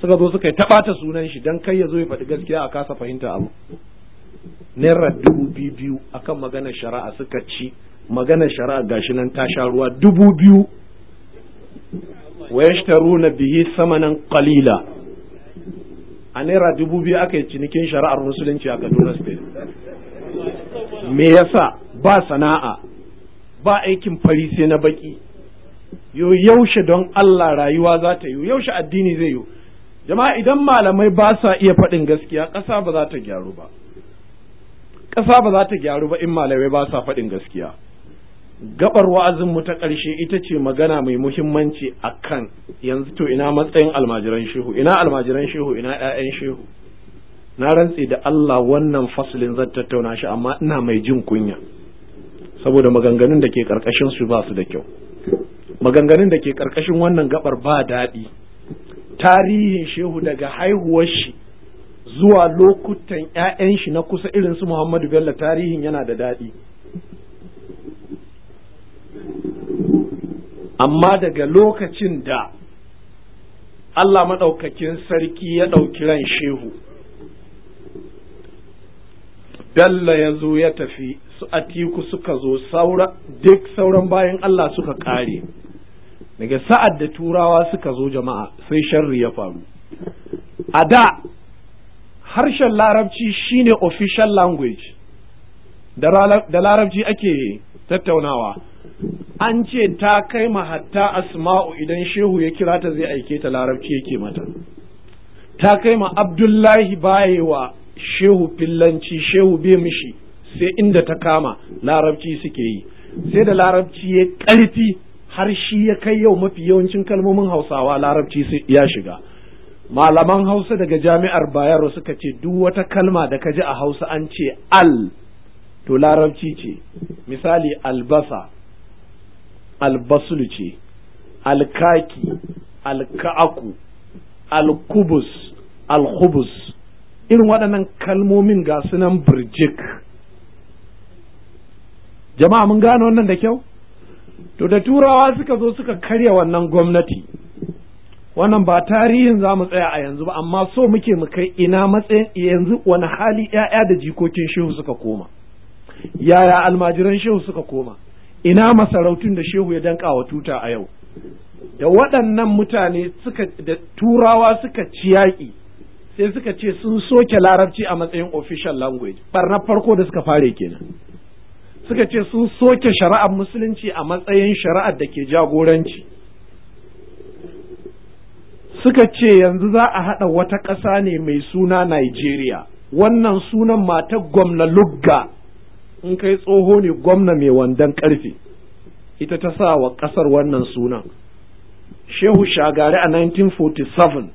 suka zo suka yi taɓata sunan shi don kai ya zo ya faɗi gaskiya a kasa fahimta abu naira dubu biyu biyu kan maganar shari'a suka ci maganar shari'a gashi nan ta sha ruwa dubu biyu wa na bihi samanan kalila a naira dubu biyu aka yi cinikin shari'ar musulunci a Kaduna State me yasa ba sana'a ba aikin fari sai na baki yo yaushe don Allah rayuwa za ta yi yaushe addini zai yi jama'a idan malamai ba sa iya faɗin gaskiya ƙasa ba za ta gyaru ba ƙasa ba za ta gyaru ba in malamai ba sa faɗin gaskiya gabar wa'azinmu ta ƙarshe ita ce magana mai muhimmanci a kan yanzu to ina matsayin almajiran shehu ina almajiran shehu ina 'ya'yan shehu na rantse da Allah wannan fasulin zan tattauna shi amma ina mai jin kunya saboda maganganun da ke ƙarƙashin su ba su da kyau maganganun da ke ƙarƙashin wannan gabar ba daɗi tarihin shehu daga haihuwar shi zuwa lokutan 'ya'yan shi na kusa irin su Muhammadu Bello tarihin yana da daɗi. Amma daga lokacin da Allah maɗaukakin sarki ya ɗauki ran shehu, Bello ya ya tafi su atiku suka zo saura, duk sauran bayan Allah suka ƙare. daga sa'ad da turawa suka zo jama'a sai sharri ya faru a da harshen larabci shine official language da larabci ake tattaunawa an ce ta kai hatta asma'u idan shehu ya kira ta zai aike ta larabci yake mata ta kai ma abdullahi bayewa shehu fillanci shehu bai mishi sai inda ta kama larabci suke yi sai da larabci ya ƙarfi har shi ya kai yau mafi yawancin kalmomin hausawa larabci ya shiga malaman hausa daga jami'ar bayero suka ce duk wata kalma da ka ji a hausa an ce al to larabci ce misali albasa albasul ce alkaki alka'aku alkubus alkubus irin waɗannan kalmomin ga sunan birjik jama'a mun gano wannan da kyau to da turawa suka zo suka karya wannan gwamnati wannan ba tarihin za mu tsaya a yanzu ba amma so muke mu kai ina matsayin yanzu wani hali ‘ya'ya da jikokin shehu suka koma yaya almajiran shehu suka koma ina masarautun da shehu ya danka wa tuta a yau da waɗannan mutane suka da turawa suka ci yaƙi sai suka ce sun soke larabci a matsayin official language barna farko da suka fare kenan suka ce sun soke shari'ar musulunci a matsayin shari'ar da ke jagoranci suka ce yanzu za a haɗa wata ƙasa ne mai suna Nigeria wannan sunan matar gwamna lugga in kai tsoho ne gwamna mai wandon ƙarfe ita ta sa wa ƙasar wannan sunan shehu shagari a 1947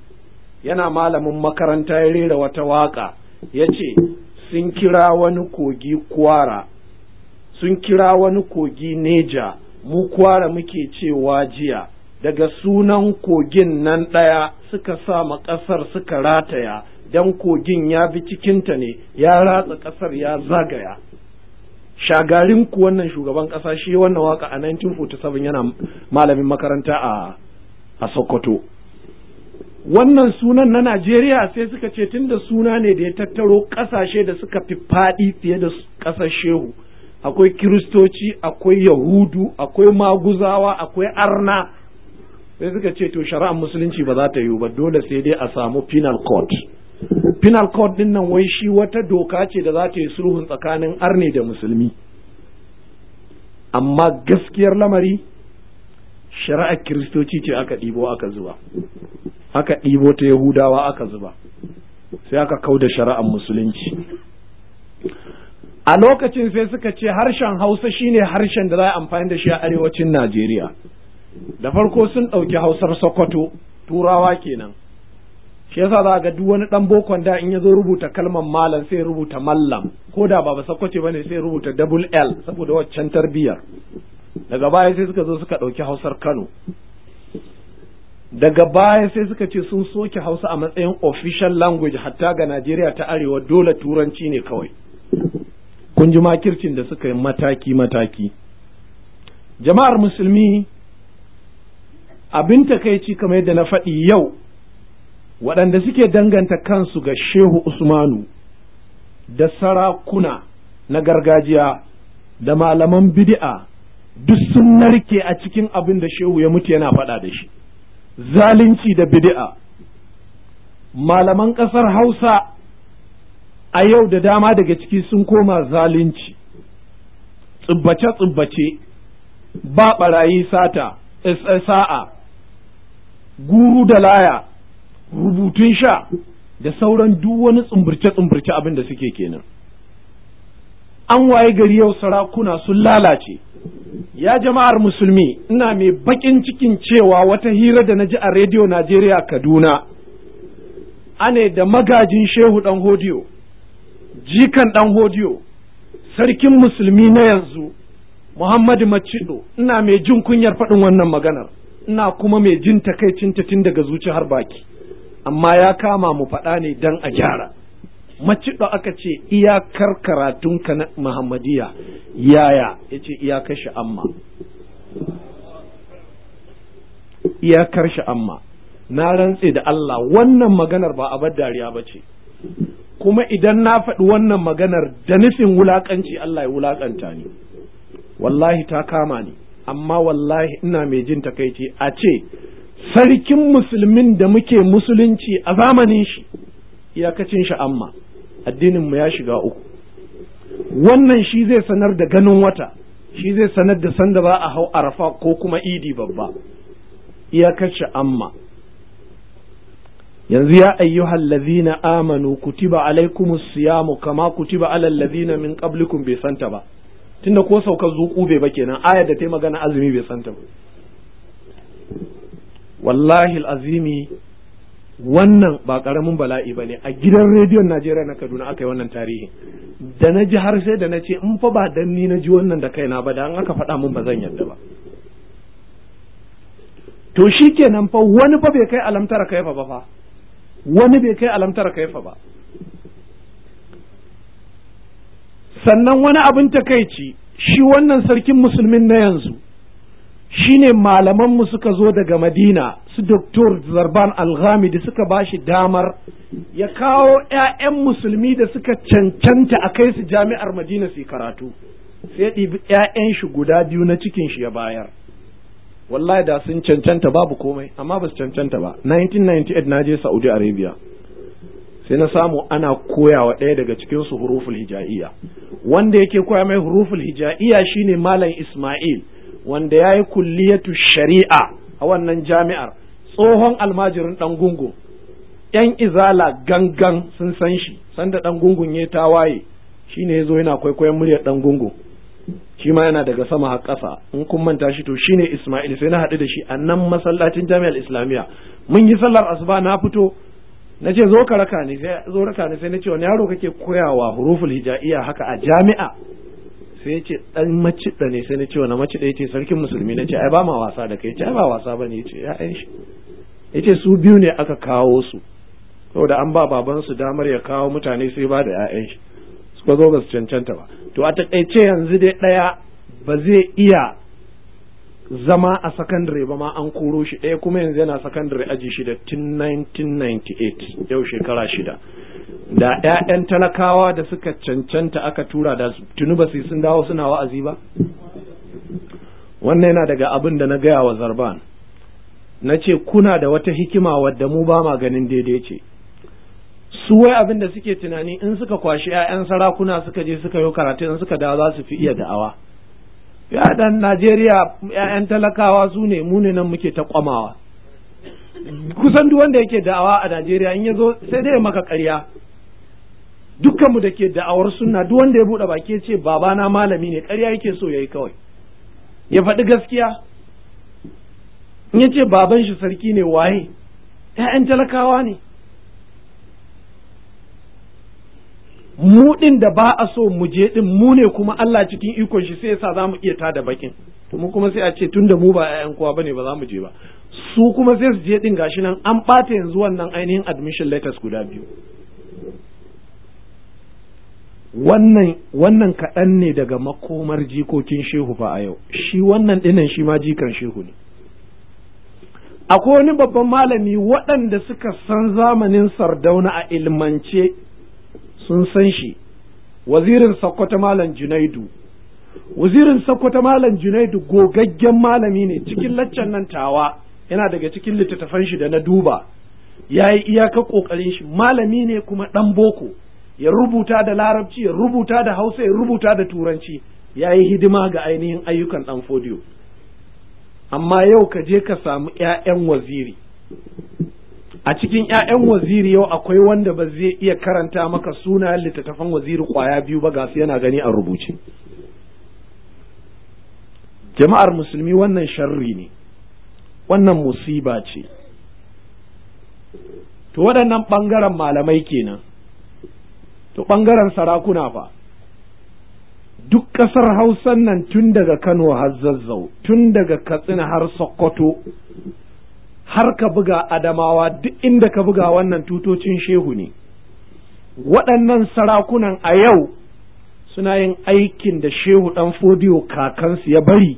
yana malamin makaranta ya rera wata waƙa ya ce sun kira wani kogi kwara sun kira wani kogi neja mu kwara muke cewa jiya daga sunan kogin nan ɗaya suka sa ma ƙasar suka rataya don kogin ya bi cikinta ne ya ratsa ƙasar ya zagaya shagarin ku wannan shugaban ƙasa shi wannan waka a 1947 yana malamin makaranta a a Sokoto wannan sunan na Najeriya sai suka ce tunda suna ne da ya tattaro ƙasashe da suka fi faɗi fiye da ƙasar shehu akwai kiristoci akwai yahudu akwai maguzawa akwai arna sai suka ce to shari'ar musulunci ba za ta yiwu ba dole sai dai a samu penal court penal court din nan wai shi wata doka ce da za ta yi sulhun tsakanin arne da musulmi amma gaskiyar lamari shari'ar kiristoci ce aka ɗibo aka zuba aka ɗibo ta yahudawa aka zuba sai aka kau da shari'ar musulunci a lokacin sai suka ce harshen hausa shine harshen da za a amfani da shi a arewacin najeriya da farko sun ɗauki hausar sokoto turawa kenan shi yasa za ga duk wani ɗan bokon da in ya zo rubuta kalmar malam sai rubuta mallam ko da ba ba ne sai rubuta double l saboda waccan tarbiyyar daga baya sai suka zo suka ɗauki hausar kano daga baya sai suka ce sun soke hausa a matsayin official language hatta ga najeriya ta arewa dole turanci ne kawai kun ji makircin da suka yi mataki mataki jama'ar musulmi abin takaici kamar yadda na faɗi yau waɗanda suke danganta kansu ga shehu usmanu da sarakuna na gargajiya da malaman bid'a
duk sun narke
a cikin abin da shehu ya mutu yana faɗa da shi zalunci da bid'a malaman ƙasar hausa a yau da dama daga ciki sun koma zalunci tsubbace-tsubbace ba barayi sata sa'a guru da laya rubutun sha da sauran duk wani tsumburce-tsumburce abin da suke kenan an waye gari yau sarakuna sun lalace ya jama'ar musulmi ina mai bakin cikin cewa wata hira da na ji a rediyo najeriya kaduna ane da magajin shehu dan hodiyo jikan ɗan hodiyo sarkin musulmi na yanzu muhammadu macido ina mai jin kunyar faɗin wannan maganar ina kuma mai jin takaicinta tun daga zuci har baki amma ya kama mu faɗa ne don a gyara macido aka ce iyakar karatunka na muhammadiya yaya ya ce iyakar sha'amma iyakar sha'amma na rantse da Allah wannan maganar ba a bar dariya ba ce kuma idan na faɗi wannan maganar da nufin wulaƙanci Allah ya wulaƙanta ni wallahi ta kama ni amma wallahi ina mai jin takaici a ce sarkin musulmin da muke musulunci a zamanin shi iyakacin shi amma addininmu ya shiga uku wannan shi zai sanar da ganin wata shi zai sanar da sanda ba a hau arafa ko kuma idi babba iyakacin amma yanzu ya ayyuhal ladhina amanu kutiba alaikumus siyamu kama kutiba alal ladhina min qablikum bai santa ba tunda ko saukar zuku bai ba kenan ayar da ta magana azumi bai santa ba wallahi azimi wannan ba karamin bala'i ba ne a gidan rediyon najeriya na kaduna aka yi wannan tarihi da na ji har sai da na ce in fa ba dan ni na ji wannan da kaina ba da an aka faɗa min ba zan yadda ba to shi kenan fa wani fa bai kai alamtar kai fa ba fa wani bai kai alamtar kaifa ba sannan wani abin takaici shi wannan sarkin musulmin na yanzu shine malamanmu suka zo daga madina su doktor zarban alghamidi suka ba shi damar ya kawo 'ya'yan musulmi da suka cancanta a kai su jami'ar madina su karatu sai ya ɗibi 'ya'yan shi guda biyu na cikin shi ya bayar wallahi da sun cancanta babu komai amma ba su cancanta ba 1998 na je Saudi Arabia sai na samu ana koya wa ɗaya daga cikin su huruful hija'iyya wanda yake koya mai huruful hija'iyya shine malam Ismail wanda ya yi kulliyatu shari'a a wannan jami'ar tsohon almajirin dan gungun yan izala gangan sun san shi sanda ɗan gungun ya tawaye shine zo yana kwaikwayon muryar dan gungun shi ma yana daga sama har ƙasa in kun manta shi to shine Ismail sai na haɗu da shi a nan masallacin Jami'ar Islamiyya mun yi sallar asuba na fito na ce zo ka raka ni sai zo raka ni sai na ce wani yaro kake koyawa huruful hija'iyya haka a jami'a sai ya ce dan macida ne sai na ce wani macida yace sarkin musulmi na ce ai ba ma wasa da kai ai ba wasa bane yace ya ai shi yace su biyu ne aka kawo su saboda an ba babansu damar ya kawo mutane sai ba da 'ya'yan shi ba zo ba su cancanta ba to a taƙaice yanzu dai ɗaya ba zai iya zama a sakandare ba ma an koro shi ɗaya kuma yanzu yana sakandare aji shida tun 1998 yau shekara shida da 'ya'yan talakawa da suka cancanta aka tura da tuni ba su sun dawo suna wa'azi ba wannan yana daga abin da na gaya wa zarban na ce kuna da wata hikima wadda mu ba ma ganin daidai ce su wai abin da suke tunani in suka kwashi 'ya'yan sarakuna suka je suka yi karatu in suka dawo za su fi iya da'awa yaɗan najeriya 'ya'yan talakawa su ne mu ne nan muke ta kwamawa kusan duk wanda yake da'awa a najeriya in ya zo sai dai maka ƙarya dukkanmu da ke da'awar sunna duk wanda ya buɗe baki ce ce babana malami ne ƙarya yake so yayi kawai ya faɗi gaskiya in ya ce baban shi sarki ne waye 'ya'yan talakawa ne mu ɗin da ba a so mu je din mu ne kuma Allah cikin ikon shi sai yasa mu iya tada bakin to mu kuma sai a ce tunda mu ba ƴaƴan kowa bane ba za mu je ba su kuma sai su je din gashi nan an bata yanzu wannan ainihin admission letters guda biyu wannan wannan kaɗan ne daga makomar jikokin shehu fa a yau shi wannan ɗinan shi ma jikan shehu ne akwai wani babban malami waɗanda suka san zamanin sardauna a ilmance sun san shi wazirin sakkwata malam junaidu wazirin sakkwata malam junaidu gogaggen malami ne cikin laccan nan tawa yana daga cikin littattafan shi da na duba ya yi iyaka kokarin shi malami ne kuma ɗan boko ya rubuta da larabci ya rubuta da hausa ya rubuta da turanci ya yi hidima ga ainihin ayyukan dan fodiyo amma yau ka je ka samu 'ya'yan waziri a cikin 'ya'yan waziri yau akwai wanda ba zai iya karanta maka sunayen littattafan waziri kwaya biyu ba gasu yana gani a rubuce jama'ar musulmi wannan sharri ne wannan musiba ce to waɗannan ɓangaren malamai kenan to ɓangaren sarakuna fa duk ƙasar hausan nan tun daga kano har zazzau tun daga katsina har sokoto har ka buga adamawa duk inda ka buga wannan tutocin shehu ne waɗannan sarakunan a yau suna yin aikin da shehu ɗan fodiyo kakansu ya bari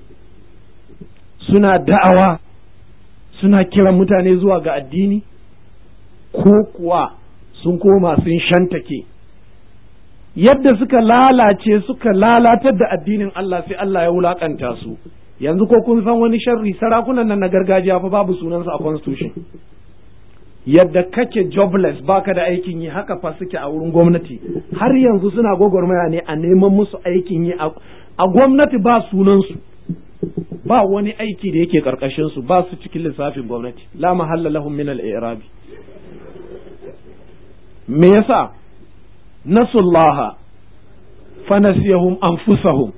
suna da'awa suna kiran mutane zuwa ga addini ko kuwa sun koma sun shantake yadda suka lalace suka lalatar da addinin Allah sai Allah ya wulakanta su yanzu ko kun san wani sharri sarakunan nan na gargajiya fa babu sunansu a constitution yadda kake jobless baka da aikin yi haka fa suke a wurin gwamnati har yanzu suna gwagwarmaya ne a neman musu aikin yi a gwamnati ba sunansu ba wani aiki da yake karkashin su ba su cikin lissafin gwamnati la mahalla lahum min al-i'rab me yasa nasullaha fa nasiyahum anfusahum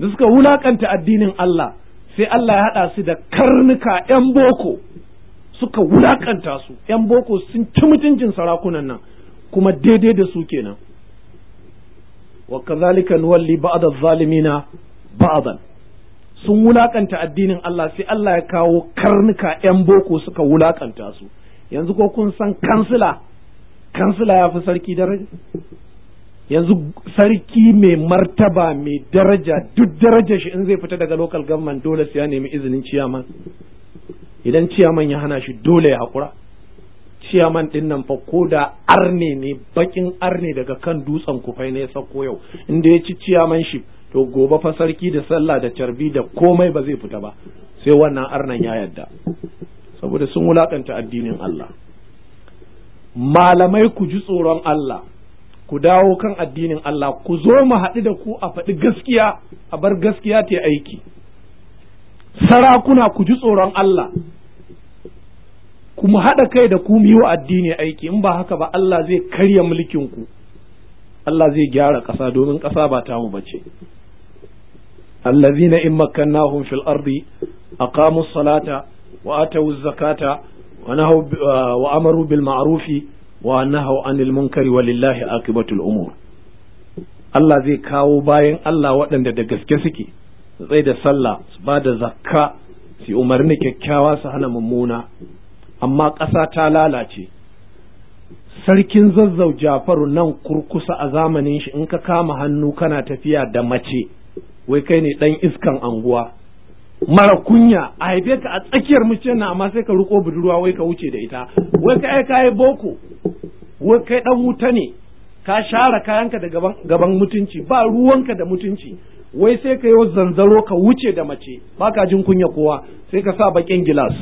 da suka wulakanta addinin Allah sai Allah ya haɗa su da karnuka 'yan boko suka wulakanta su 'yan boko sun ci mutuncin sarakunan nan kuma daidai da su kenan wa kazalika nuwalli ba'd zalimina ba'dan sun wulakanta addinin Allah sai Allah ya kawo karnuka 'yan boko suka wulakanta su yanzu ko kun san kansila kansila ya fi sarki da yanzu sarki mai martaba mai daraja duk daraja shi in zai fita daga local government dole sai ya nemi izinin ciyaman idan ciyaman ya hana shi dole ya hakura ciyaman din nan fa ko da arne ne bakin arne daga kan dutsen kufai ne ya sako yau in da ya ci ciyaman shi to gobe fa sarki da sallah da carbi da komai ba zai fita ba sai wannan arnan ya yadda saboda sun wulakanta addinin Allah malamai ku ji tsoron Allah ku dawo kan addinin Allah ku zo mu haɗu da ku a faɗi gaskiya a bar gaskiya ta aiki sarakuna ku ji tsoron Allah Kuma haɗa kai da ku yi wa addini aiki in ba haka ba Allah zai karya mulkin ku Allah zai gyara ƙasa domin ƙasa ba ta tamu bace allazina in makkannahum fil ardi aqamu salata wa atu zakata wa wa amaru bil ma'rufi wa nahaw anil munkari walillahi aqibatul umur Allah zai kawo bayan Allah waɗanda da gaske suke su da sallah su ba da zakka su umarni kyakkyawa su hana mummuna amma ƙasa ta lalace sarkin zazzau jafaru nan kurkusa a zamanin shi in ka kama hannu kana tafiya da mace wai kai ne ɗan iskan anguwa mara kunya a haife ka a tsakiyar mace na amma sai ka riko budurwa wai ka wuce da ita wai ka kai kai boko wai kai dan wuta ne ka share kayanka da gaban gaban mutunci ba ruwanka da mutunci wai sai ka yi zanzaro ka wuce da mace baka jin kunya kowa sai ka sa bakin gilas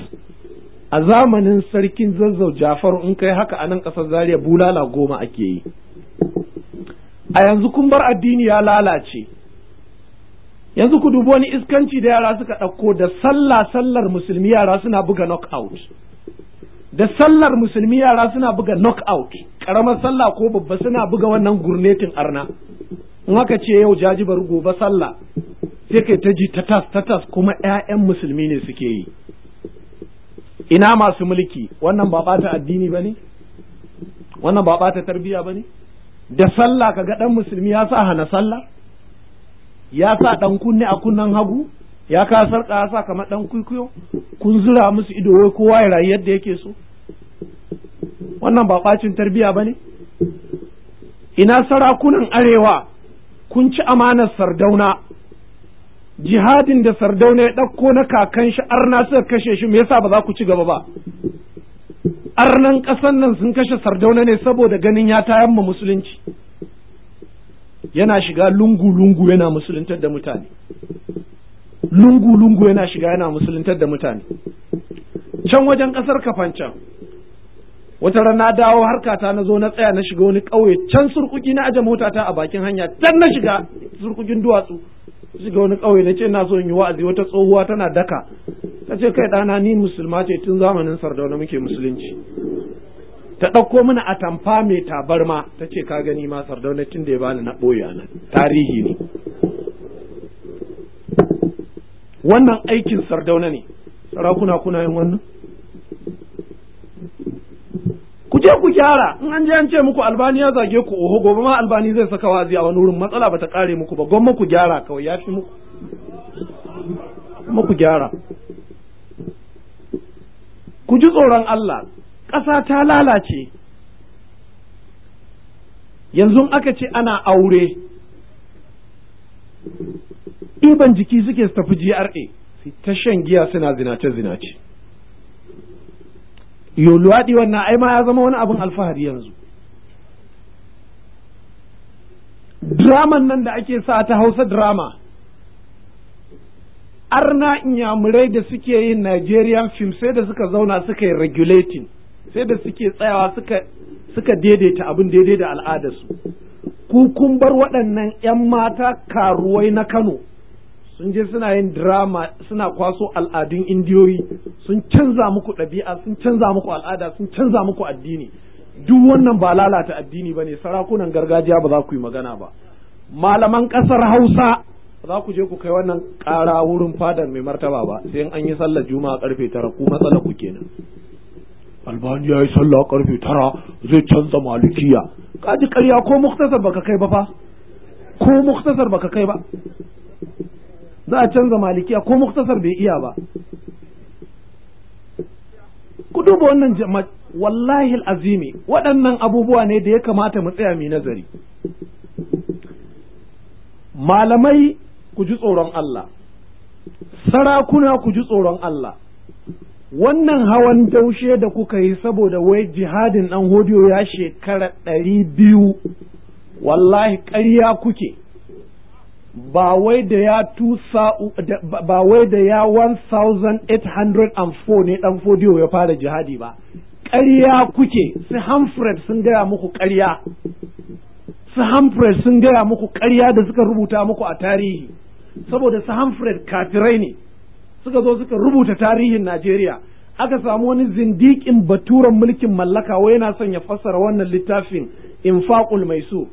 a zamanin sarkin zazzau jafaru in kai haka a nan ƙasar zaria bulala goma ake yi a yanzu kun bar addini ya lalace yanzu ku dubi wani iskanci da yara suka ɗauko da sallah sallar musulmi yara suna buga knockout da sallar musulmi yara suna buga knockout karamar sallah ko babba suna buga wannan gurnetin arna in aka ce yau jajibar gobe sallah sai kai ta ji ta tas ta tas kuma ƴaƴan musulmi ne suke yi ina masu mulki wannan ba ɓata addini ba ne wannan ba ɓata tarbiyya ba ne da sallah kaga ɗan musulmi ya sa hana sallah ya sa ɗan kunne a kunnen hagu ya ka sarƙa ya sa kamar ɗan kwikwiyo kun zura musu ido wai kowa ya rayu yadda yake so wannan ba ɓacin tarbiyya ba ne ina sarakunan arewa kun ci amanar sardauna jihadin da sardauna ya ɗauko na kakan shi arna suka kashe shi me yasa ba za ku ci gaba ba arnan ƙasan nan sun kashe sardauna ne saboda ganin ya tayar ma musulunci yana shiga lungu-lungu yana musuluntar da mutane lungu-lungu yana shiga yana musuluntar da mutane can wajen ƙasar kafancan wata rana dawo harkata na zo na tsaya na shiga wani ƙauye can surkuki na aje motata a bakin hanya can na shiga surkukin duwatsu shiga wani ƙauye na ce na so yi wa'azi wata tsohuwa tana daka ta ce kai ɗana ni musulma ce tun zamanin sardauna muke musulunci ta ɗauko mana atamfa mai tabarma ta ce ka gani ma sardaunacin da ya bani na ɓoye a nan tarihi ne wannan aikin sardauna ne sarakuna kuna yin wannan ku je ku gyara in an je an ce muku albani ya zage ku oho gobe ma albani zai saka wazi a wani wurin matsala bata kare muku ba gwamma ku gyara kawai ya fi muku gyara ku ji tsoron Allah ƙasa ta lalace yanzu aka ce ana aure ɗiban jiki suke su tafi GRA ta shan giya suna zinace-zinace yoluwaɗi wannan ai ma ya zama wani abin alfahari yanzu draman nan da ake sa ta hausa drama arna inyamurai da suke yin Nigerian film sai da suka zauna suka yi regulating sai da suke tsayawa suka suka daidaita abin daidai da al'adarsu ku kun bar waɗannan 'yan mata karuwai na Kano sun je suna yin drama suna kwaso al'adun indiyoyi sun canza muku ɗabi'a sun canza muku al'ada sun canza muku addini duk wannan ba lalata addini ba ne sarakunan gargajiya ba za ku yi magana ba malaman ƙasar hausa za ku je ku kai wannan ƙara wurin fadar mai martaba ba sai an yi sallar juma'a karfe tara ku matsala ku kenan albani ya yi sallah karfe tara zai canza malikiya ka ji ƙarya ko muktasar baka kai ba fa ko muktasar baka kai ba za a canza malikiya ko muktasar bai iya ba ku duba wannan jama'a wallahi azimi waɗannan abubuwa ne da ya kamata mu tsaya mai nazari malamai ku ji tsoron Allah sarakuna ku ji tsoron Allah wannan hawan daushe da kuka yi saboda wai jihadin ɗan hodiyo ya shekara ɗari biyu wallahi ƙarya kuke ba wai da ya ba wai da ya 1804 ne ɗan hodiyo ya fara jihadi ba ƙarya kuke su Hamfred sun gaya muku ƙarya su Hamfred sun gaya muku ƙarya da suka rubuta muku a tarihi saboda su Hamfred kafirai ne suka zo suka rubuta tarihin Najeriya aka samu wani zindikin baturan mulkin mallaka wai yana son ya fassara wannan littafin infaqul maisu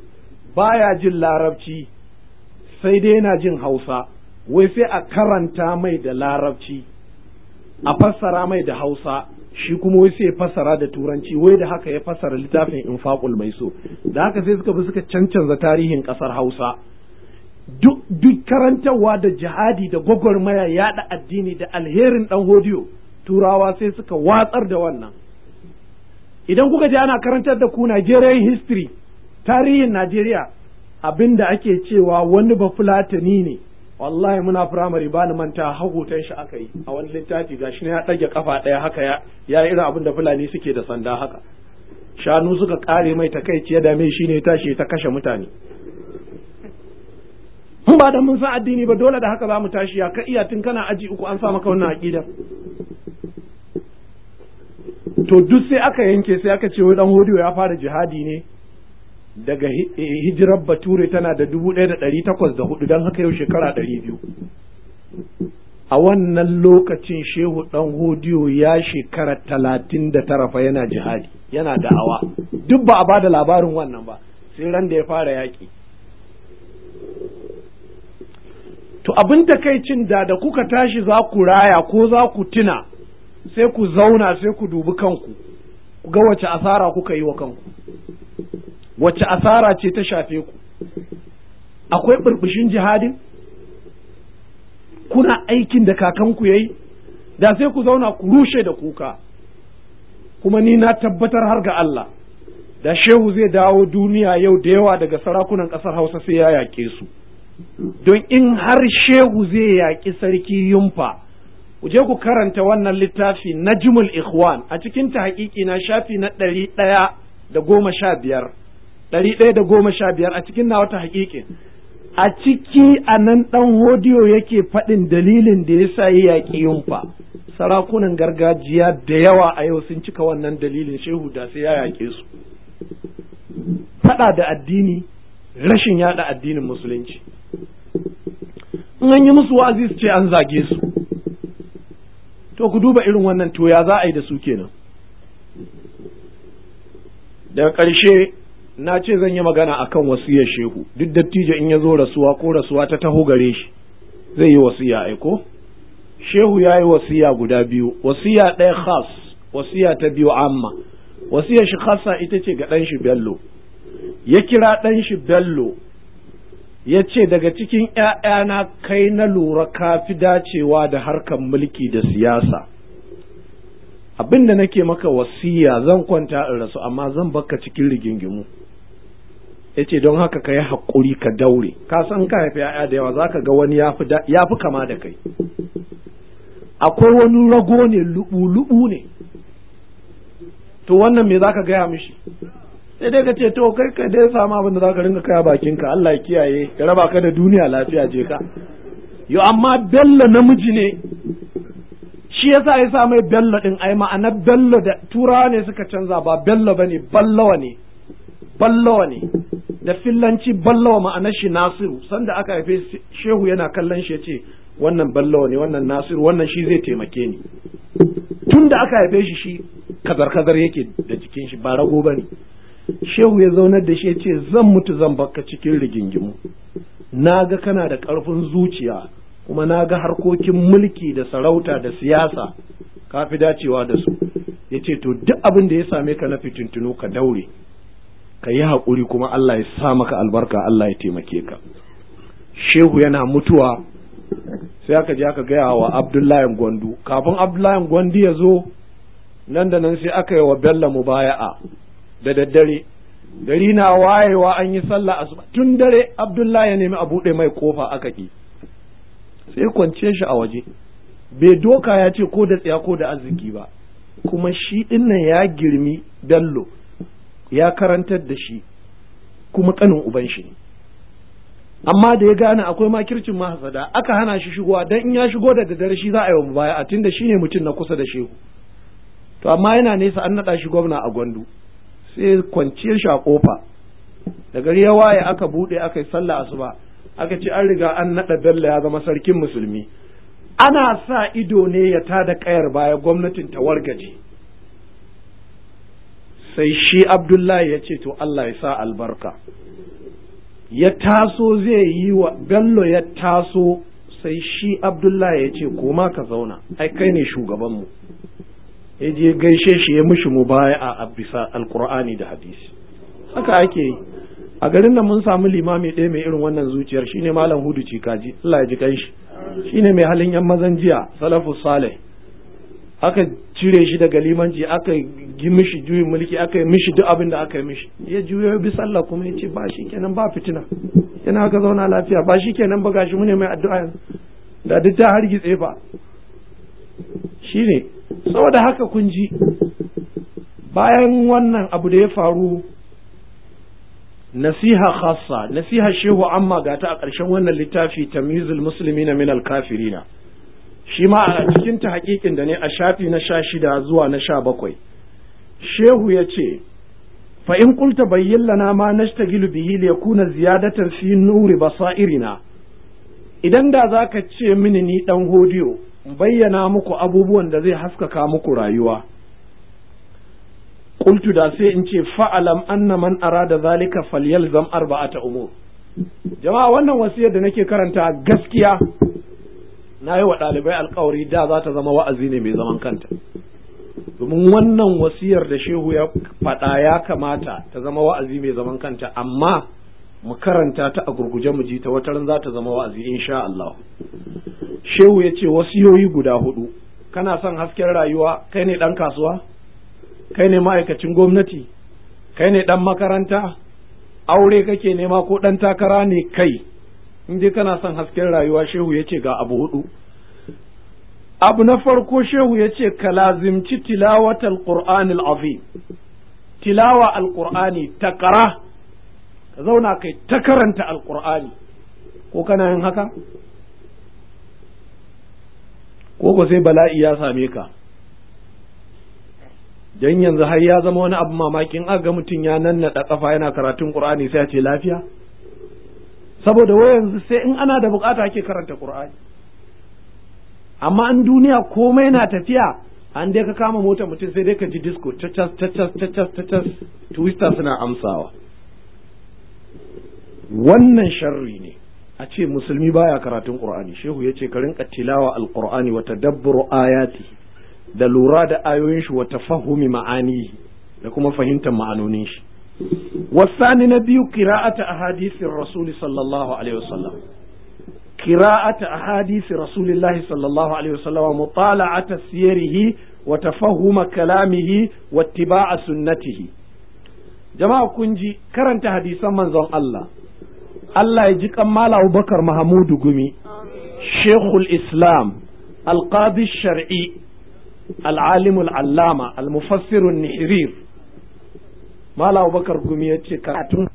baya jin larabci sai dai yana jin Hausa wai sai a karanta mai da larabci a fassara mai da Hausa shi kuma wai sai fassara da turanci wai da haka ya fassara littafin infaqul maisu da haka sai suka bi suka cancanza tarihin kasar Hausa duk karantarwa da jihadi da gwagwarmaya yaɗa addini da alherin ɗan hodiyo turawa sai suka watsar da wannan idan kuka ji ana karantar da ku Nigerian history tarihin Najeriya abinda ake cewa wani bafulatani ne wallahi muna firamare ba ni manta hagutan shi aka yi a wani littafi gashi ne ya ɗage kafa ɗaya haka ya ya irin abin da fulani suke da sanda haka shanu suka ƙare mai takaici ya dame shi ne tashi ta kashe mutane in ba da mun san addini ba dole da haka za mu tashi ya ka iya tun kana aji uku an sa maka wannan aqida to duk sai aka yanke sai aka ce wai dan hodiyo ya fara jihadi ne daga eh, hijirar bature tana da dubu ɗaya da ɗari takwas da hudu don haka yau shekara ɗari biyu a wannan lokacin shehu ɗan hodiyo ya shekara talatin da tarafa yana jihadi yana da'awa duk ba a ba da labarin wannan ba sai ran da ya fara yaƙi to abin takaicin da da kuka tashi za ku raya ko za ku tuna sai ku zauna sai ku dubi kanku ku ga wace asara kuka yi wa kanku wace asara ce ta shafe ku akwai burbushin jihadin kuna aikin da kakanku yayi da sai ku zauna ku rushe da kuka kuma ni na tabbatar har ga Allah da shehu zai dawo duniya yau da yawa daga sarakunan ƙasar Hausa sai ya yaƙe su don in har shehu zai yaƙi sarki yumfa ku je ku karanta wannan littafi na jimul ikhwan a cikin ta haƙiƙi na shafi na ɗari ɗaya da goma sha biyar ɗari ɗaya da goma sha biyar a cikin na wata haƙiƙi a ciki a nan ɗan hodiyo yake faɗin dalilin da ya sa yi yaƙi yumfa sarakunan gargajiya da yawa a yau sun cika wannan dalilin shehu da sai ya yaƙe su faɗa da addini rashin yaɗa addinin musulunci in an yi musu wa'azi su ce an zage su to ku duba irin wannan to ya za a yi da su kenan daga ƙarshe na ce zan yi magana akan wasiyar shehu duk dattijo in ya zo rasuwa ko rasuwa ta taho gare shi zai yi wasiya aiko shehu ya yi wasiya guda biyu wasiya ɗaya khas wasiya ta biyu amma wasiyar shi khasa ita ce ga ɗan shi bello ya kira ɗan shi bello ya ce daga cikin ‘ya'yana kai na lura ka fi dacewa da harkar mulki da siyasa abin da nake maka wasiya zan kwanta in rasu amma zan baka cikin rigingimu ya ce don haka ka yi haƙuri ka daure ka san ka haifi ‘ya'ya da yawa za ka ga wani ya fi kama da kai akwai wani rago ne lubu-lubu ne to wannan me za ka gaya mishi sai dai ka ce to kai ka dai samu abin da za ka ringa kaya ka Allah ya kiyaye ya raba ka da duniya lafiya je ka yo amma bello namiji ne shi yasa ya sa mai bello din ai ma'ana bello da turawa ne suka canza ba bello bane ballawa ne ballawa ne da fillanci ballawa ma'anar shi nasiru sanda aka haife shehu yana kallon shi yace wannan ballawa ne wannan nasiru wannan shi zai taimake ni Tunda aka haife shi shi kazar kazar yake da jikin shi ba rago bane shehu ya zaunar da shi ya ce zan mutu zan baka cikin rigingimu na ga kana da ƙarfin zuciya kuma na ga harkokin mulki da sarauta da siyasa ka fi dacewa da su ya ce to duk abin da ya same ka na fitintunu ka daure ka yi haƙuri kuma Allah ya sa maka albarka Allah ya taimake ka shehu yana mutuwa sai aka je aka gaya wa abdullahi gwandu kafin abdullahi gwandu ya zo nan da nan sai aka yi wa bello mubaya'a da daddare gari na wayewa an yi sallah asuba tun dare abdullahi ya nemi a buɗe mai kofa aka ki sai kwance shi a waje bai doka ya ce ko da tsaya ko da arziki ba kuma shi dinnan ya girmi dallo ya karantar da shi kuma ƙanin uban shi amma da ya gane akwai makircin mahasada aka hana shi shigowa dan in ya shigo da daddare shi za a yi wa baya a tunda shine mutum na kusa da shehu to amma yana nesa an naɗa shi gwamna a gwandu sai kwanciyar shi a kofa da gari ya waye aka bude aka yi sallah asuba aka ce an riga an naɗa Bello ya zama sarkin musulmi ana sa ido ne ya tada kayar baya gwamnatin ta wargaje sai shi abdullahi ya ce to Allah ya sa albarka ya taso zai yi wa bello ya taso sai shi abdullahi ya ce koma ka zauna ai kai ne shugabanmu ya je gaishe shi ya mishi baya a bisa alkur'ani da hadisi haka ake yi a garin nan mun samu limami ɗaya mai irin wannan zuciyar shine malam hudu cikaji Allah ya ji kanshi shine mai halin yan mazan jiya salafu salih aka cire shi daga limanci aka yi mishi juyin mulki aka yi mishi duk abin da aka yi mishi ya juyo bi sallah kuma ya ce ba shi kenan ba fitina yana ga zauna lafiya ba shi kenan ba gashi mune mai addu'a yanzu da duk ta hargitse ba shine saboda haka kun ji bayan wannan abu da ya faru nasiha khassa nasiha shehu amma ga ta a ƙarshen wannan littafi tamyizul muslimina min al-kafirina shi ma a cikin ta haƙiƙin da ne a shafi na sha shida zuwa na sha bakwai shehu ya ce fa in kulta bayyin lana ma na gilu bihi ya kuna ziyadatar fi nuri basairina idan da za ka ce mini ni dan hodiyo bayyana muku abubuwan da zai haskaka muku rayuwa qultu da sai in ce fa'alam anna man arada zalika falyalzam arba'ata umur jama'a wannan wasiyar da nake karanta gaskiya na yi wa ɗalibai alkawari da za ta zama wa'azi ne mai zaman kanta domin wannan wasiyar da shehu ya faɗa ya kamata ta zama wa'azi mai zaman kanta amma mu karanta ta a gurguje mu ji ta wata ran za ta zama wa'azi insha Allah shehu ya ce wasiyoyi guda hudu kana son hasken rayuwa kai ne dan kasuwa kai ne ma'aikacin gwamnati kai ne dan makaranta aure kake nema ko dan takara ne kai in kana son hasken rayuwa shehu ya ce ga abu hudu abu na farko shehu ya ce ka lazimci tilawatal qur'anil azim tilawa alqur'ani takara ka zauna kai ta karanta alkur'ani ko kana yin haka ko ko sai bala'i ya same ka dan yanzu har ya zama wani abu mamakin aga mutum ya nannaɗa ƙafa yana karatun ƙur'ani sai ya ce lafiya saboda wai yanzu sai in ana da bukata ake karanta ƙur'ani amma in duniya komai na tafiya an dai ka kama mota mutum sai dai ka ji disco tacas tacas tacas tacas twister suna amsawa wannan sharri ne a ce musulmi baya karatun qur'ani shehu ya ce, ka rinka tilawa alqur'ani wa tadabburu ayati da lura da ayoyin shi wa tafahumi ma'ani da kuma fahimtar ma'anonin shi wasani na biyu qira'atu ahadithir rasul sallallahu alaihi wasallam qira'atu ahadisi rasulillahi sallallahu alaihi wasallam mutala'atu siyarihi wa tafahuma kalamihi wa ittiba'a sunnatihi jama'a kun ji karanta hadisan manzon Allah Allah ya ji kan Mala Abubakar Mahamudu Gumi Sheikhul Islam Al-Qadi Shar'i Al-Alim Al-Allama Al-Mufassir An-Nihrir Mala Abubakar Gumi ya ce karatun